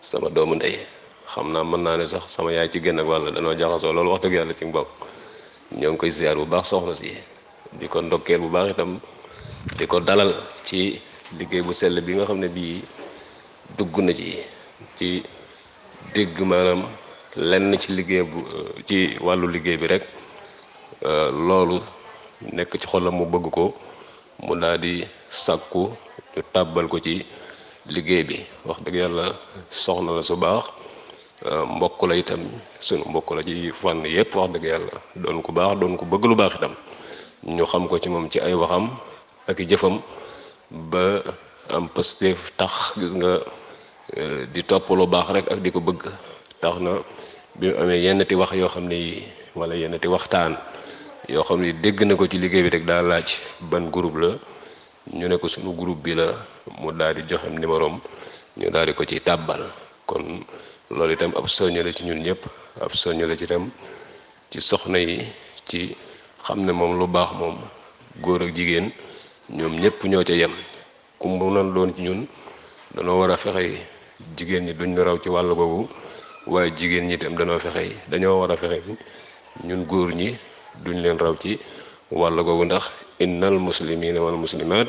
sama doomu nday xam naa mën naa ne sax sama yaay ci gën ak wàlla danoo jaxasoo loolu wax dëgg yàlla ci mbokk ñoo ngi koy ziar bu baax soxna si di ko ndokkeel bu baax itam di ko dalal ci liggéey bu sell bi nga xam ne bii dugg na ci ci dégg maanaam lenn ci liggéey bu ci wàllu liggéey bi rek euh, loolu nekk ci xolam mu bëgg ko mu daal di sàkku ñu tàbbal ko ci liggéey bi wax dëgg yàlla soxna la su baax euh, mbokk la itam sunu mbokk la ci fànn yépp wax dëgg yàlla doon ku baax doon ku bëgg lu baax itam ñu xam ko ci moom ci ay waxam ak i jëfam ba am Pastef tax gis nga euh, di topp lu baax rek ak di ko bëgg tax na bi mu amee yenn ti wax yoo xam ne yi wala yenn ti waxtaan yoo xam ni dégg na ko ci liggéey bi rek daa laaj ban group la ñu ne ko sunu group bi la mu daal di joxe numéroom ñu daal di ko ci tàbbal kon loolu itam ab soñño la ci ñun ñëpp ab soñño la ci itam ci soxna yi ci xam ne moom lu baax moom góor ak jigéen ñoom ñëpp ñoo ca yem ku mu nan doon ñun danoo war a fexe jigéen ñi duñ ñu raw ci wàll boobu waaye jigéen ñi itam danoo fexee dañoo war a fexe ñun góor ñi duñ leen raw ci wàll googu ndax innal muslimina wal muslimat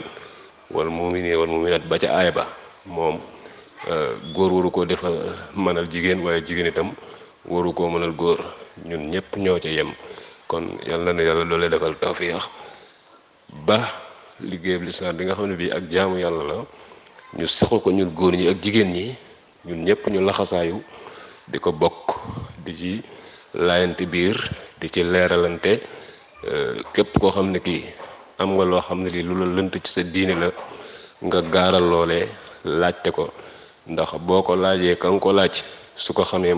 wal muminina wal muminat ba ca aay ba moom euh, góor waru koo defa mënal jigéen waaye jigéen itam waru koo mënal góor ñun ñëpp ñoo ca yem kon yàlla na yàlla loolee defal tawfiix ba liggéeyam lislaam bi nga xam ne bii ak jaamu yàlla la ñu saxu ko ñu góor ñi ak jigéen ñi ñun ñëpp ñu laxasaayu di ko bokk di ci laayante biir di ci leeralante euh, képp koo xam ne kii am nga loo xam ne lii lu la lënt ci sa diine la nga gaaral loole laajte ko ndax boo ko laajee ka nga ko laaj su ko xamee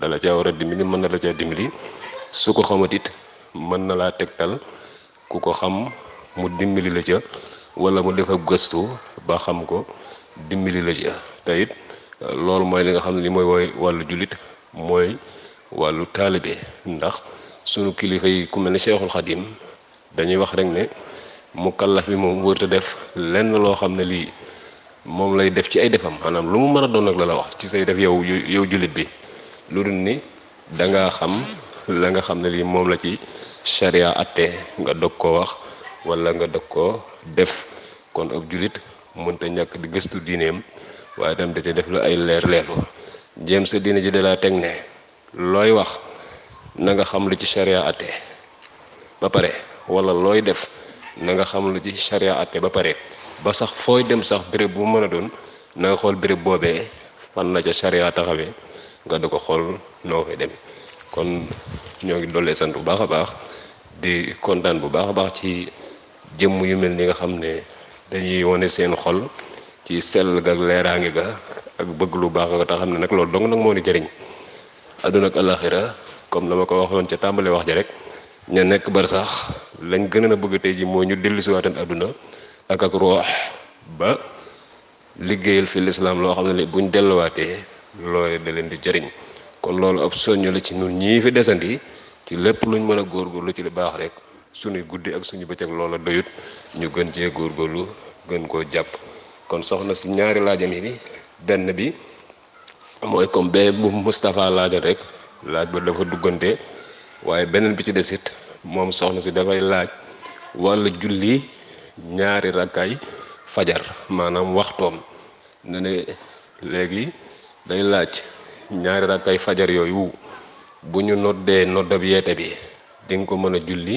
dala caa war a dimbali mën na la caa dimili su ko xamat it mën na laa tegtal ku ko xam mu dimbali la ca wala mu def ab gëstu ba xam ko dimbali la ca te loolu mooy li nga xam ne li mooy woy wàllu jullit mooy wàllu taalibe ndax sunu kilifa yi ku mel ne Seexul Xadim dañuy wax rek ne mu kallaf bi moom wërta def lenn loo xam ne lii moom lay def ci ay defam maanaam lu mu mën a doon ak la la wax ci say def yow yow jullit bi lu dul ni da nga xam la nga xam ne lii moom la ci charia atte nga dog koo wax wala nga dog koo def kon ak julit mënta ñàkk di gëstu diineem waaye dem da ca def lu ay leer leerlu jéem sa diine ji da laa teg ne looy wax na nga xam lu ci charia atte ba pare wala looy def na nga xam lu ci charia atte ba pare ba sax fooy dem sax béréb bu mën a doon na xool béréb boobee fan la ca charia taxawee nga da ko xool noo koy demee kon ñoo ngi dollee sant bu baax a baax di kontaan bu baax a baax ci jëmm yu mel ni nga xam ne dañuy wone seen xol ci sell ga ak leeraange ga ak bëgg lu baax nga tax xam ne nag loolu dong nag moo ni jëriñ àdduna ak alaxira comme la ko waxoon ca tàmbale wax ji rek ña nekk bar sax lañ gën a bëgg tey ji mooy ñu dellusiwaateen àdduna ak ak roox ba liggéeyal fi lislaam loo xam ne buñ delluwaatee loole da leen di jëriñ kon loolu ab soññ ci ñun ñii fi desandi ci lépp luñ mën a góor góor lu ci li baax rek suñuy guddi ak suñu bëccëg loola doyut ñu gën cee góor góorgóorlu gën koo jàpp kon soxna si ñaari laajam yi bi benn bi mooy comme bee bu Moustapha laajal rek laaj ba dafa duggante waaye beneen bi ci desit moom soxna si dafay laaj walla julli ñaari rakkaay fajar maanaam waxtoom ne ne léegi day laaj ñaari rakkaay fajar yooyu bu ñu noddee noddab yeete bi di ko mën a julli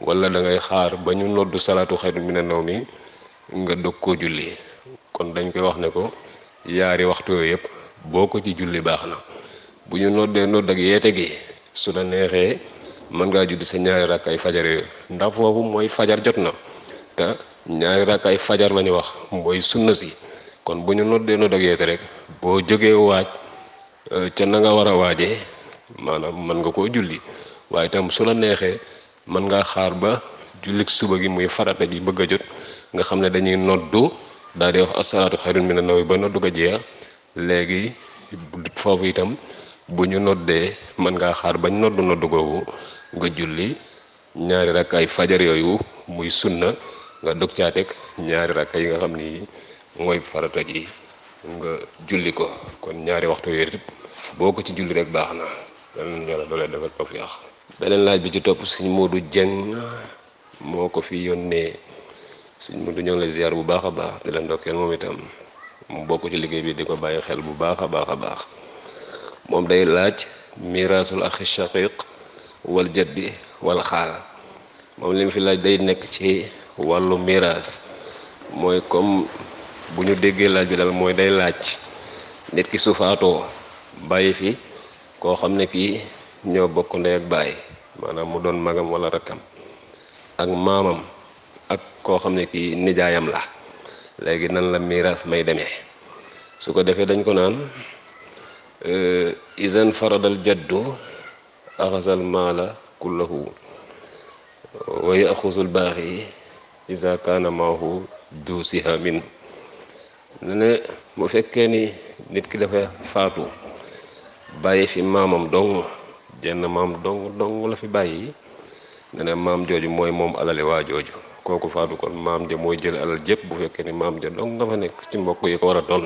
wala da ngay xaar ba ñu noddu salaatu xayrun mina nawmi nga dog koo julli kon dañ koy wax ne ko yaari waxtu yooyu yëpp boo ko ci julli baax na bu ñu noddee nodd ak yeete gi su la neexee mën ngaa julli sa ñaari rakkaay fajar yooyu ndax foofu mooy fajar jot na te ñaari ay fajar la ñu wax mooy sunna si kon bu ñu noddee nodd ak yeete rek boo jógee waaj euh, ca na nga war a waajee maanaam mën nga koo julli waaye tam su la neexee mën ngaa xaar ba jullik suba gi muy farata ji bëgg a jot nga xam ne dañuy noddu daal di wax asalaatu xayrun mina naw ba noddu ga jeex léegi foofu itam bu ñu noddee mën ngaa xaar bañ noddu noddu googu nga julli ñaari rakk fajar yooyu muy sunna nga dog caa ñaari rakk yi nga xam ni mooy farata ji nga julli ko kon ñaari waxtu yooyu boo ko ci julli rek baax na yàlla na yàlla doole defal tawfiq beneen laaj bi ci topp sëñ Modou Dieng moo ko fi yónnee sëñ Modou ñoo ngi lay ziar bu baax a baax di la ndokkeel moom itam mu bokk ci liggéey bi di ko bàyyi xel bu baax a baax a baax moom day laaj miraasul axi shaqiq wal moom li fi laaj day nekk ci wàllu miraas mooy comme bu ñu déggee laaj bi daal mooy day laaj nit ki suufaatoo bàyyi fi koo xam ne kii ñoo bokk ndey ak bàyyi maanaam mu doon magam walla rakkam ak maamam ak koo xam ne kii nijaayam la léegi nan la miiras may demee su ko defee dañ ko naan euh, izan faradal jaddu axasal maala kullahu wa yaxusul baaxi isa kaana maahu du sihamin ne ne bu fekkee ni nit ki dafa faatu bàyyi fi maamam dong jenn maam dong dong la fi bàyyi ne maam jooju mooy moom alali waa jooju kooku faatu kon maam ja mooy jël alal jëpp bu fekkee ni maam ja dong nga fa nekk ci mbokk yi ko war a doon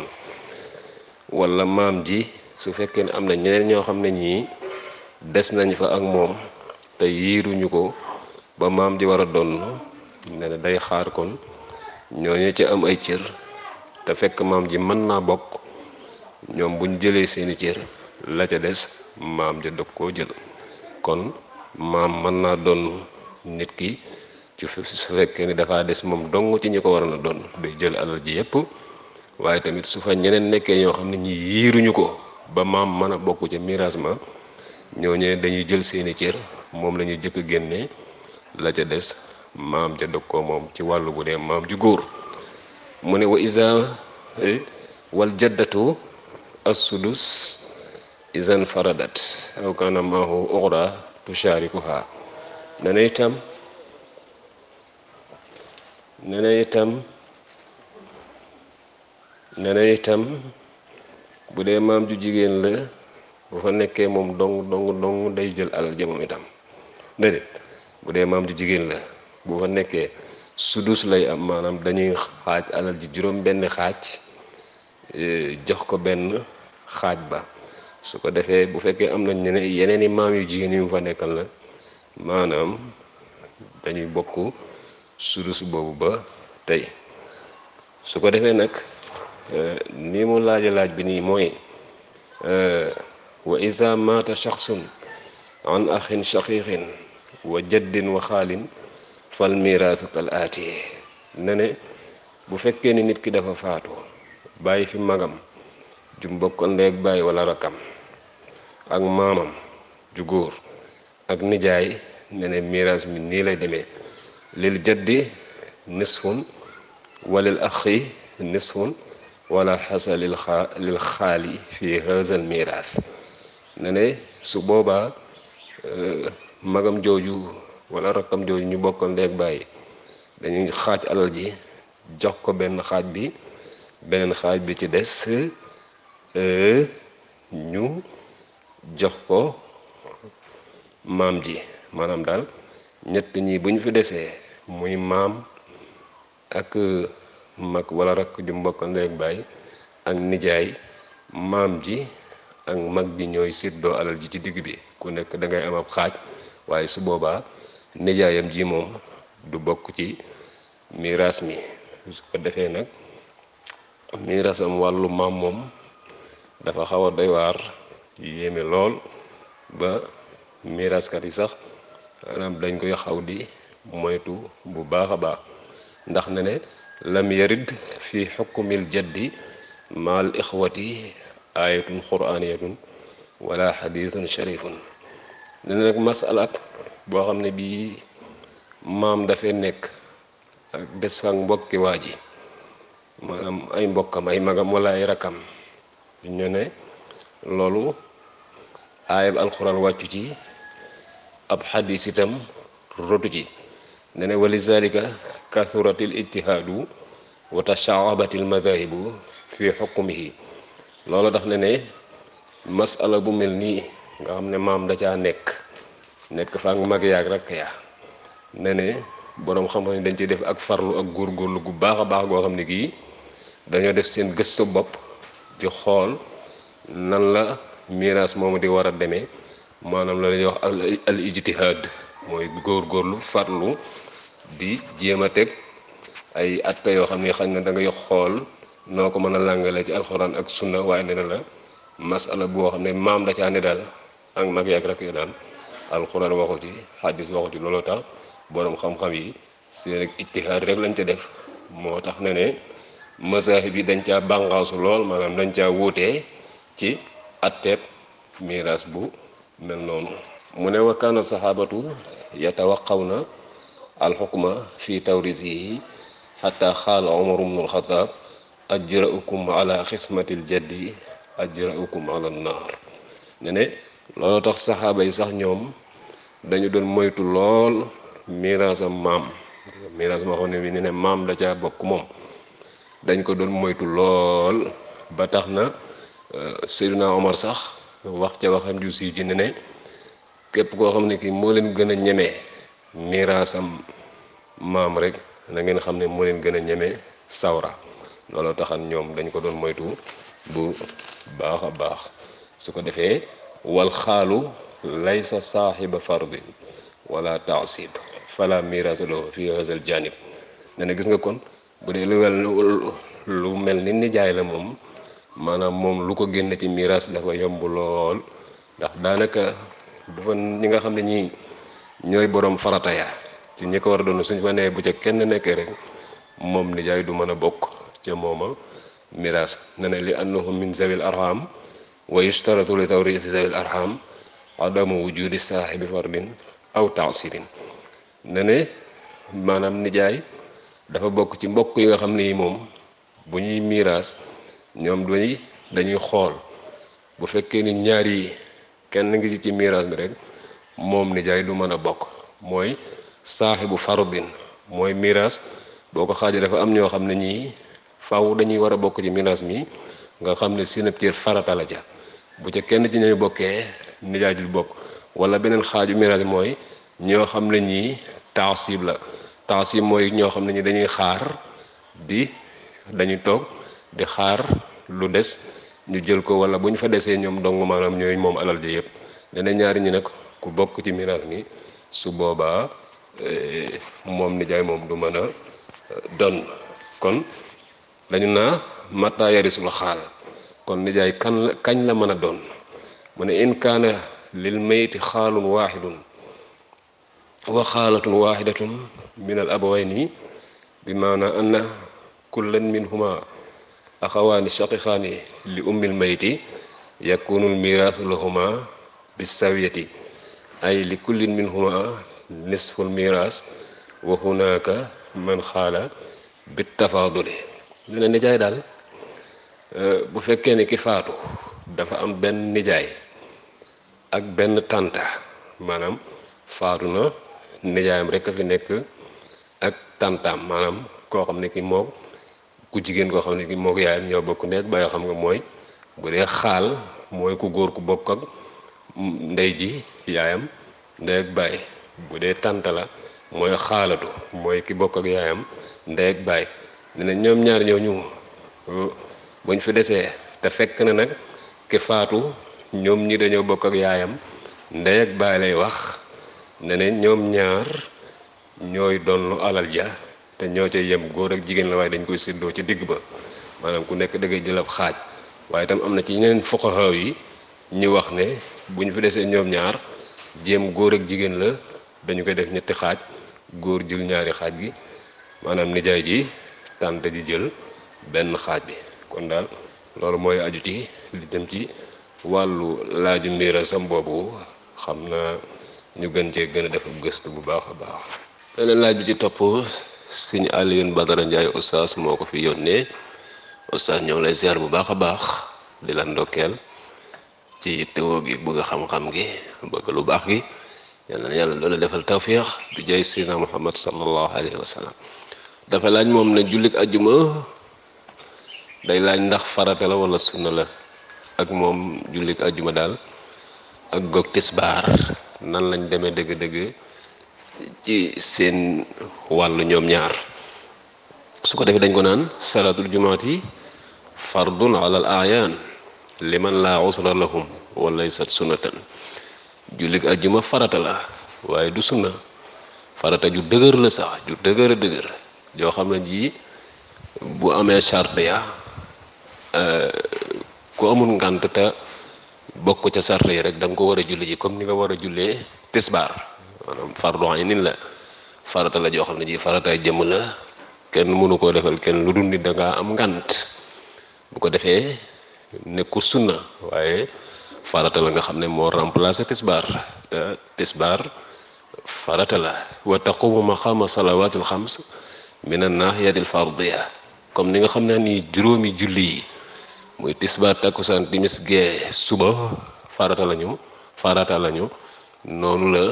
wala maam ji su fekkee ne am na ñeneen ñoo xam ne ñii des nañ fa ak moom te yiiruñu ko ba maam ji war a doon ne ne day xaar kon ñooñu ci am ay cër te fekk maam ji mën naa bokk ñoom buñ jëlee seeni cër la ca des maam ja dog koo jël kon maam mën naa doon nit ki ci su fekkee ni dafaa des moom dong ci ñi ko war na doon day jël alal ji yépp waaye tamit su fa ñeneen nekkee ñoo xam ne ñi yiiruñu ko ba maam mën a bokk ca miraas ma ñooñee dañuy jël seeni cër moom la ñuy jëkk génnee la ca des maam ja dog koo moom ci wàll bu dee maam ju góor mu ne wa isa eh, wal jaddatu assudus izan faradat aw kana maahu uxra tusharikuha nee na itam nee na itam nee itam bu dee maam ju jigéen la bu fa nekkee moom dong dong dong day jël alal jëmam itam déedéet bu dee maam ju jigéen la bu fa nekkee sudus lay am maanaam dañuy xaaj alal ji juróom benn xaaj jox ko benn xaaj ba su ko defee bu fekkee am nañ ñeneen yeneeni maam yu jigéen yu mu fa nekkal la maanaam dañuy bokk sudus boobu ba tey su ko defee nag eh, ni mu laaja laaj bi nii mooy eh, wa isa mata shaxsun an axin shaqiqin wa jaddin wa xaalin fal miraathu kal aati ne bu fekkee ni nit ki dafa faatu bàyyi fi magam jum bokkoon ndey bàyyi wala rakam ak maamam ju góor ak nijaay ne miraas mi nii lay demee lil jaddi nisfun walil axi nisfun wala xasa lil xaa xaali fi haazal miraas ne su boobaa euh, magam jooju wala rakkam jooju ñu bokkoon ndey ak bàyyi dañuy xaaj alal ji jox ko benn xaaj bi beneen xaaj bi ci des euh, ñu jox ko maam ji maanaam daal ñett ñi bu ñu fi desee muy maam ak euh, mag walla rakk ju mbokk ndey ak baay ak nijaay maam ji ak mag ji ñooy séddoo alal ji ci digg bi ku nekk da ngay am ab xaaj waaye su boobaa nijaayam ji moom du bokk ci miraas mi su ko defee nag miraasam wàllu maam moom dafa xaw a doy waar yéeme lool ba miraaskat yi sax dañ koy xaw di moytu bu baax a baax ndax ne ne lam yarid fi xukmil jaddi maal ixwati aayatun quraaniyatun wala xadiisun sharifun dina nag masalaat boo xam ne bii maam dafay nekk ak des fa mbokki waa ji maanaam ay mbokkam ay magam wala ay rakam ñu loolu aayab alxuraan wàccu ci ab xadis itam rotu ci ne ne walizalika kasuratil ijtihaadu wa tashaabatil madaahibu fi xukmihi loolu tax ne ne masala bu mel nii nga xam ne maam da caa nekk nekk fa ak mag yaag rek yaa ne ne boroom xam-xam dañ ci def ak farlu ak góorgóorlu gu baax a baax goo xam ne gii dañoo def seen gëstu bopp di xool nan la miraas moomu di war a demee maanaam la ñuy wax al ijtihaad mooy góorgóorlu farlu di jéem a teg ay atte yoo xam ne xañ na da ngay xool noo ko mën a làngale ci alxuraan ak sunna waaye nee na la masala boo xam ne maam la ca ne daal ak mag yi ak rak yi daal alxuraan waxu ci xaddis waxu ci looloo tax boroom xam-xam yi seen ak ijtihaad rek lañ ca def moo tax ne ne masaahib yi dañ caa bànqaasu lool maanaam dañ caa wuutee ci atteeb miraas bu mel noonu mu ne wa kaana saxaabatu yatawaqawna alxukma fi tawrisihi xataa xaala omar bnul xataab ajraukum ala xismatil jaddi ajraukum ala naar ne ne tax saxaaba yi sax ñoom dañu doon moytu lool miraasam maam miraas moo xam ne bi ne maam da caa bokk moom dañ ko doon moytu lool ba tax na Euh, Seydina Omar sax wax ca waxam ju si ji ne képp koo xam ne kii moo leen gën a ñeme miraasam maam rek na ngeen xam ne moo leen gën a ñeme sawra looloo taxan ñoom dañ ko doon moytu bu baax a baax su ko defee wal xaalu laysa saaxiba fardi wala taasib fala miraasa lahu fi hazal janib ne na gis nga kon bu dee lu wel lu mel ni nijaay la moom maanaam moom lu ko génne ci miraas dafa yomb lool ndax daanaka dafa ñi nga xam ne ñi ñooy borom farata ya ci ñi ko war a doon suñ fa nee bu ca kenn nekkee rek moom nijaay du mën a bokk ca mooma miraas ne ne li annahum min zawil arham wa yushtaratu li tawrisi zawil arham adamu wujudi saaxibi fardin aw taasirin ne maanaam nijaay dafa bokk ci mbokk yi nga xam ne yi moom bu ñuy miraas ñoom dañuy dañuy xool bu fekkee ni ñaar yi kenn ngi ci miraas mi rek moom nijaay du mën a bokk mooy bu saaxibu fardin mooy miraas boo ko xaajee dafa am ñoo xam ne ñii faw dañuy war a bokk ci miraas mi nga xam ne sinab cër farata ja bu ca kenn ci ñooy bokkee nijaay dul bokk wala beneen xaaju miraas bi mooy ñoo xam ne ñii taasib la taasib mooy ñoo xam ne ñi dañuy xaar di dañuy toog di xaar lu des ñu jël ko wala bu ñu fa desee ñoom dong maanaam ñooy moom alal ji yëpp leneen ñaari ñi nag ku bokk ci miraas mi su boobaa eh, moom nijaay moom du mën a eh, don kon dañu naa mataa yarisul xaal kon nijaay kan kañ la mën a doon mu ne in kaana lil mayti xaalun waaxidun wa xaalatun waaxidatun min al abawayni bi maanaa anna kullan minhuma axawaani shaqiqaani li ummil mayti yakunul miraasu lahuma bis sawiyati ay li kullin minhuma nisful miraas wa man xaala bi tafaaduli ne nijaay daal bu fekkee ne ki faatu dafa am benn nijaay ak benn tànta maanaam faatu na nijaayam rekk a fi nekk ak tàntaam maanaam koo xam ne ki mook ku jigéen koo xam ne ki moo ñoo bokk nekk ba yoo xam mooy bu dee xaal mooy ku góor ku bokk ak ndey ji yaayam ndey ak baay bu dee tànta la mooy xaalatu mooy ki bokk ak yaayam ndey ak baay ne ñoom ñaar ñoo ñu buñ fi desee te fekk na nag ki faatu ñoom ñi dañoo bokk ak yaayam ndey ak baay lay wax ne ñoom ñaar ñooy doon lu alal ja te ñoo ca yem góor ak jigéen la waaye dañ koy séddoo ci digg ba maanaam ku nekk da jël ab xaaj waaye itam am na ci ñeneen fuqaha yi ñu wax ne bu ñu fi desee ñoom ñaar jéem góor ak jigéen la dañu koy def ñetti xaaj góor jël ñaari xaaj gi maanaam nijaay ji tànte ji jël benn xaaj bi kon daal loolu mooy aju ci li jëm ci wàllu laaju ndiira sam boobu xam na ñu gën cee gën a def gëstu bu baax a baax beneen laaj bi ci topp sëñ Alioune Badara Ndiaye oustaz moo ko fi yónnee oustaz ñoo lay ziar bu baax a baax di la ndokkeel ci teewoo gi bëgg xam-xam gi bëgg lu baax gi yal na yàlla loola defal tawfiix bi jaay sayyidina Muhammad sallallahu alayhi wa dafa laaj moom ne jullik ajjuma day laaj ndax farata la wala sunna la ak moom jullik ajjuma daal ak gog tisbaar nan lañ demee dëgg-dëgg ci seen wàllu ñoom ñaar su ko defee dañ ko naan salaatul jumaati fardun ala al ayaan liman laa usra lahum wa laysat sunnatan jullig ajjuma la waaye du sunna farata ju dëgër la sax ju dëgër a dëgër joo xam ne ji bu amee charte ya eh, ku amul ngànt te bokk ca charte yi rek da ko war a julli ji comme ni nga war a jullee tisbaar maanaam fardu aynin la farata la joo xam ne ji farataay jëmm la kenn mënu koo defal kenn lu dul nit da ngaa ngant bu ko defee nekku sunna waaye farata la nga xam ne moo remplacé tisbaar te tisbaar farata la wa taqumu maqaama salawaatul xams min annaahiyatil fardiya comme ni nga xam ne nii juróomi julli yi muy tisbaar takkusaan timis gee suba farata lañu farata lañu noonu la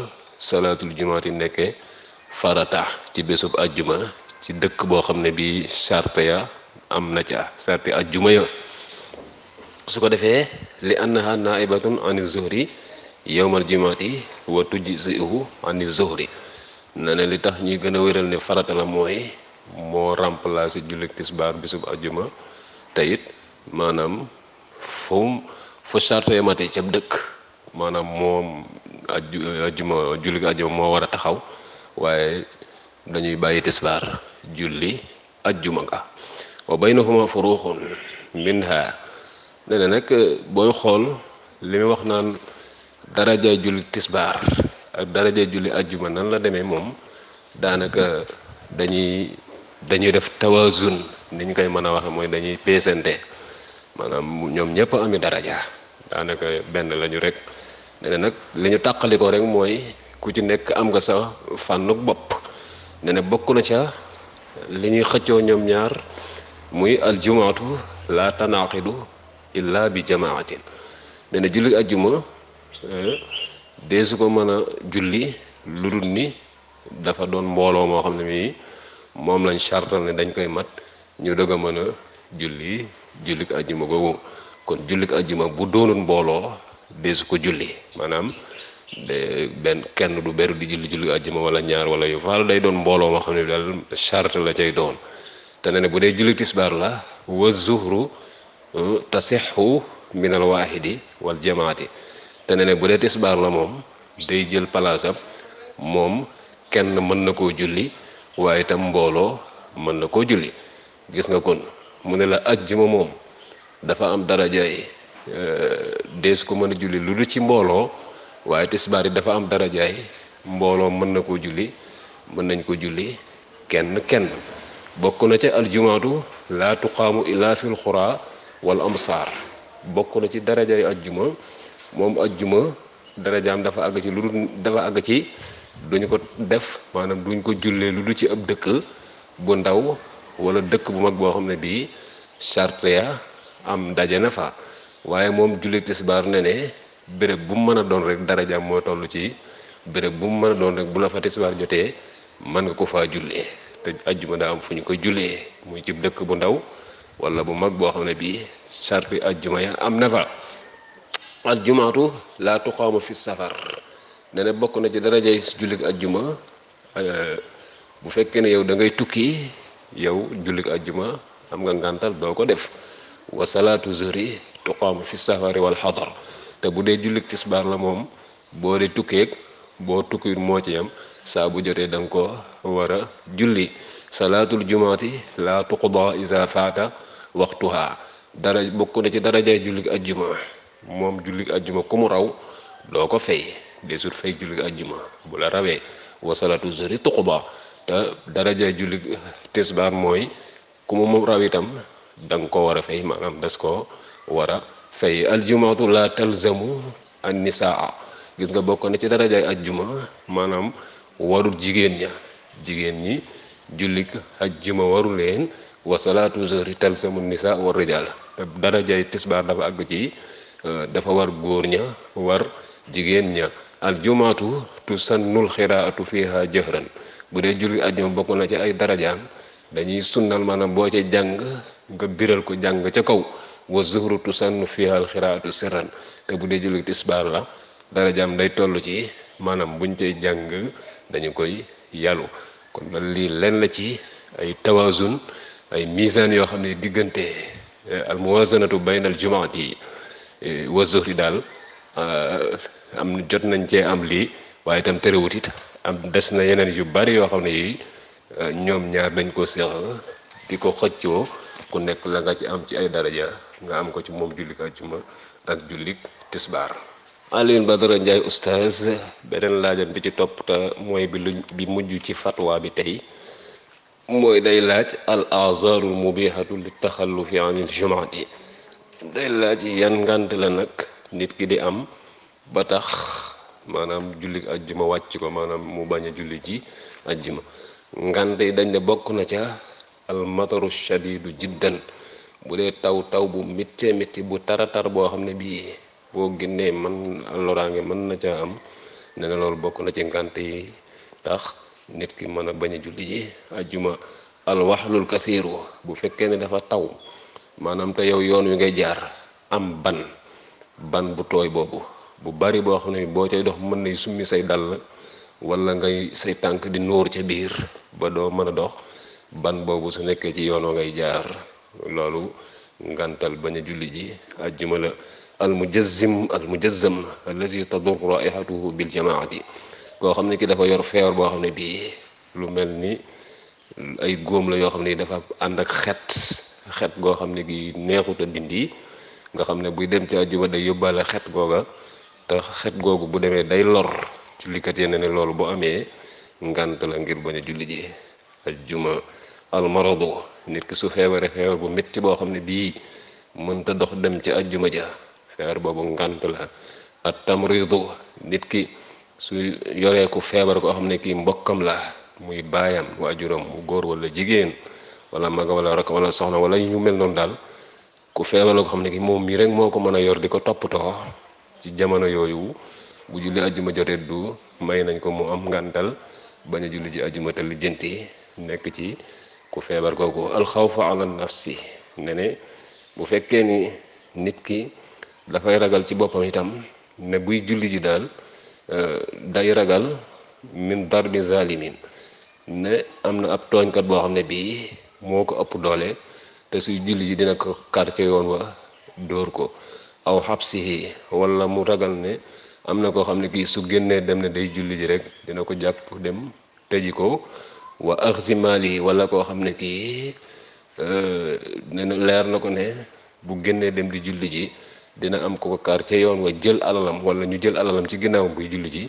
salaatul jumaat yi nekkee farata ci bésub ajjuma ci dëkk boo xam ne bii charte ya am na ca charte ajjuma ya su ko defee li annaha naibatun ani zuhri yowmal jumaati wa tujzihu ani zuhri na ne li tax ñuy gën a wéral ne farata la mooy moo remplacé jullit tisbaar bésub ajjuma te it maanaam fu fu charte ya mate ca dëkk maanaam moom aju ajuma julli ajuma moo war a taxaw waaye dañuy bàyyi tisbaar julli ajjuma nga na baynahuma furuuxun minha nee na nag booy xool li mu wax naan daraja julli tisbaar ak daraja julli ajjuma nan la demee moom daanaka dañuy dañuy def tawazun ni ñu koy mën a waxe mooy dañuy peesante maanaam ñoom ñëpp ami daraja daanaka benn lañu rek ne nag li ñu tàqalikoo rek mooy ku ci nekk am nga sa fànnuk bopp ne na bokk na ca li ñuy xëccoo ñoom ñaar muy aljumaatu la tanaaqidu illa bi jamaatin ne na julli ajjuma eh, dee su ko mën a julli lu dul ni dafa doon mbooloo moo xam ne mii moom lañ chartal ne dañ koy mat ñu dog a mën a julli jullik ajjuma googu kon jullik ajjuma bu doonul mbooloo deesu ko julli maanaam benn kenn du beru di julli julli àjjuma wala ñaar wala yu faalu day doon mbooloo moo xam ne daal charte la cay doon te ne bu dee julli tisbaar la wa zuhru euh, tasixu min al waahidi wal jamaati te ne bu dee tisbaar la moom day jël palaasam moom kenn mën na koo julli waaye itam mbooloo mën na koo julli gis nga kon mu ne la àjjuma moom dafa am daraja yi dees ko mën a julli lu du ci mbooloo waaye tisbaar yi dafa am darajaay mbooloo mën na koo julli mën nañ ko julli kenn kenn bokk na ca aljumaatu laa tuqaamu illaa fil xuraa wal amsaar bokk na ci darajaay ajjuma moom ajjuma darajaam dafa àgg ci lu du dafa àgg ci duñ ko def maanaam duñ ko jullee lu du ci ab dëkk bu ndaw wala dëkk bu mag boo xam ne bii charte ya am daje na fa waaye moom julli tisbaar ne ne béréb bu mu mën a doon rek darajaam moo tollu ci bërëb bu mu mën a doon rek bu la fa tisbaar jotee mën nga ko faa jullee te ajjuma daa am fu ñu ko jullee muy ci dëkk bu ndaw wala bu mag boo xam ne bii sarfi ajjuma ya am na fa aljumaatu laa tuqaamu fi safar ne bokk na ci darajay jullik ajjuma eh, bu fekkee ne yow da ngay tukki yow jullik ajjuma am nga ngàntal doo ko def wasalaatu yi tuqaamu fi safari wal xadar te bu dee jullik tisbaar la moom boo dee tukkeeg boo tukkiwut moo ci yam saa bu jotee danga ko war a julli salaatul jumaati laa tuqdaa isa faata waxtuha dara bokk na ci darajay jullik ajjuma moom jullik ajjuma ku mu raw doo ko fay desul fay jullik ajjuma bu la rawee wa salaatu zuri tuqdaa te darajay jullik tisbaar mooy ku mu raw itam da ko war a fay maanaam des ko war a fay aljumaatu la talzamu an nisaa gis nga bokk na ci darajay ajjuma maanaam warul jigéen ña jigéen ñi jullik ajjuma waru leen wa salaatu zuhri talzamu nisaa war rijaal te darajay tisbaar dafa àgg ci euh, dafa war góor ña war jigéen ña aljumaatu tu sannul xiraatu fiha jëhran bu dee julli ajjuma bokk na ci ay darajaam dañuy sunnal maanaam boo ca jàng nga biral ko jàng ca kaw wa zuhru tusannu fiha al te bu dee julli tisbaar la dara jaam day toll ci maanaam buñ cay jàng dañu koy yàllu kon lii lenn la ci ay tawazun ay misaan yoo xam ne diggante eh, al muwazanatu bayna al jumaati eh, wa zuhri daal eh, am jot nañ cee am lii waaye itam terewut it am des na yeneen yu bari yoo xam ne yi ñoom ñaar dañ ko seex di ko xëccoo ku nekk la nga ci am ci ay daraja nga am ko ci moom jullik àjjuma ak jullik tisbaar Alioune Badara Ndiaye oustaz beneen laajam bi ci topp te mooy bi lu bi mujj ci fatwa bi tey mooy day laaj al azarul mubihatu li taxallufi day laaj yan ngànt la nag nit ki di am ba tax maanaam jullik àjjuma wàcc ko maanaam mu bañ a julli ji àjjuma ngànt yi dañ ne bokk na ca al mataru shadidu jiddan bu dee taw taw bu méttee métti bu tara tar boo xam ne bii boo génnee man loraange mën na ca am ne loolu bokk na ci ngànt yi tax nit ki mën a bañ a julli ji ajjuma alwaxlul kathiru bu fekkee ne dafa taw maanaam te yow yoon wi ngay jaar am ban ban bu tooy boobu bu bari boo xam ne boo cay dox mën nay summi say dàll walla ngay say tànk di nóor ca biir ba doo mën a dox ban boobu su nekkee ci yoon yoonoo ngay jaar loolu ngantal bañ a julli ji àjjuma la al mujazzim al mujazzam allazi tadur raihatuhu bil jamaati koo xam ne ki dafa yor feebar boo xam ne bii lu mel ni ay góom la yoo xam ne dafa ànd ak xet xet goo xam ne gi neexut a dindi nga xam ne buy dem ci àjjuma day yóbbaale xet googa te xet googu bu demee day lor ci likat yenn ne loolu boo amee ngant la ngir bañ a julli ji àjjuma almaradu nit ki su feebaree feebar bu métti boo xam ne bii mënta dox dem ci ajjuma ja feebar boobu ngant la at tamridu nit ki su yoree ku feebar koo xam ne kii mbokkam la muy baayam waajuram mu góor wala jigéen walla mag wala rakk wala soxna wala ñu mel noonu daal ku feebar la ko xam ne ki moom mii rek moo ko mën a yor di ko toppatoo ci jamono yooyu bu julli ajjuma jotee du may nañ ko mu am ngàntal bañ a julli ji ajjuma te lijjanti nekk ci ku feebar kooku alxawfu ala nafsi ne ne bu fekkee ni nit ki dafay ragal ci boppam itam ne buy julli ji daal euh, day ragal min darbi zalimin ne am na ab tooñkat boo xam ne bii moo ko ëpp doole te suy julli ji dina ko kar ca yoon wa dóor ko aw xab si wala mu ragal ne am na koo xam ne kii su génnee dem ne day julli ji rek dina ko jàpp dem tëji ko waa axsimaal yi wala koo xam ne kii euh, nee na leer na ko ne bu génnee dem di julli ji dina am ko ko kar ca yoon wa jël alalam wala ñu jël alalam ci ginnaaw buy julli ji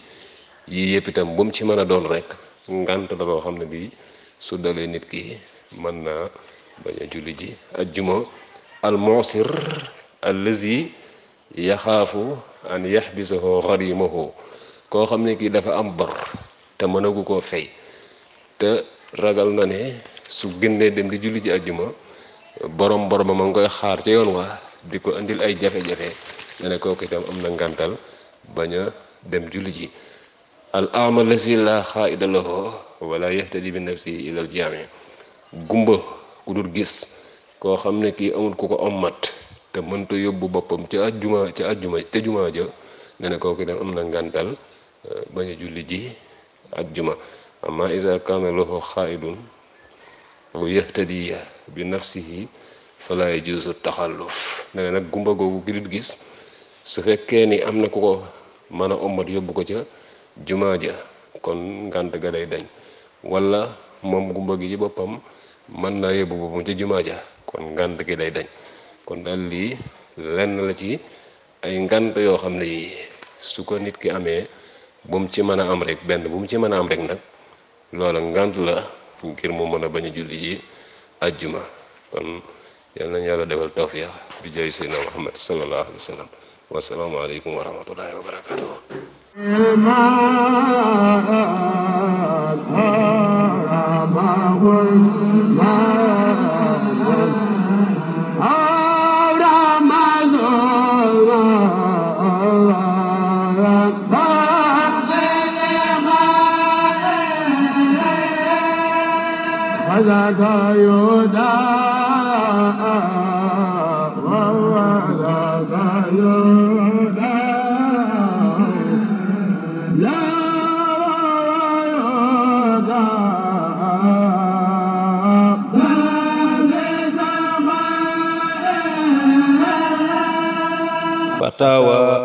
yii yëpp itam bu mu ci mën a doon rek ngant la loo xam ne bii su dalee nit ki mën naa bañ a julli ji ajjuma al mu'sir allazi yaxaafu an yaxbisahu xarimahu koo xam ne kii dafa am bor te mënagu koo fay te ragal na ne su génnee dem di julli ji àjjuma borom borom ma ngi koy xaar ca yoon wa di ko indil ay jafe-jafe nga ne kooku dem julli ji al ama lasi gumba ku dul gis koo xam ne kii amul ko ommat te mënta yóbbu boppam ca àjjuma ca àjjuma ca jumaa ja ne ne kooku itam am na ngantal bañ a julli ji àjjuma amma ida kaana lahu xaaidun mu yahtadiya bi nafsihi fala yajuusu taxalluf ne nag gumba googu girit gis su fekkee ni am na ku ko mën a ommat yóbbu ko ca jumaa ja kon ngànt ga day dañ wala moom gumba gi ci boppam mën naa yóbbu boppam jumaa ja kon ngànt gi day dañ kon daal lii lenn la ci ay ngànt yoo xam ne yi su ko nit ki amee bu mu ci mën a am rek benn bu mu ci mën a am rek nag loola ngant ngir mu mën a bañ a julli ji ajjuma kon yal nañu yàlla defal tawfiq bi jaay seydina muhammad sallallahu alayhi wa sallam wasalaamu aleykum wa rahmatullahi wa ذاك يودا وهو ذاك يودا لا وهو يودا فتاوى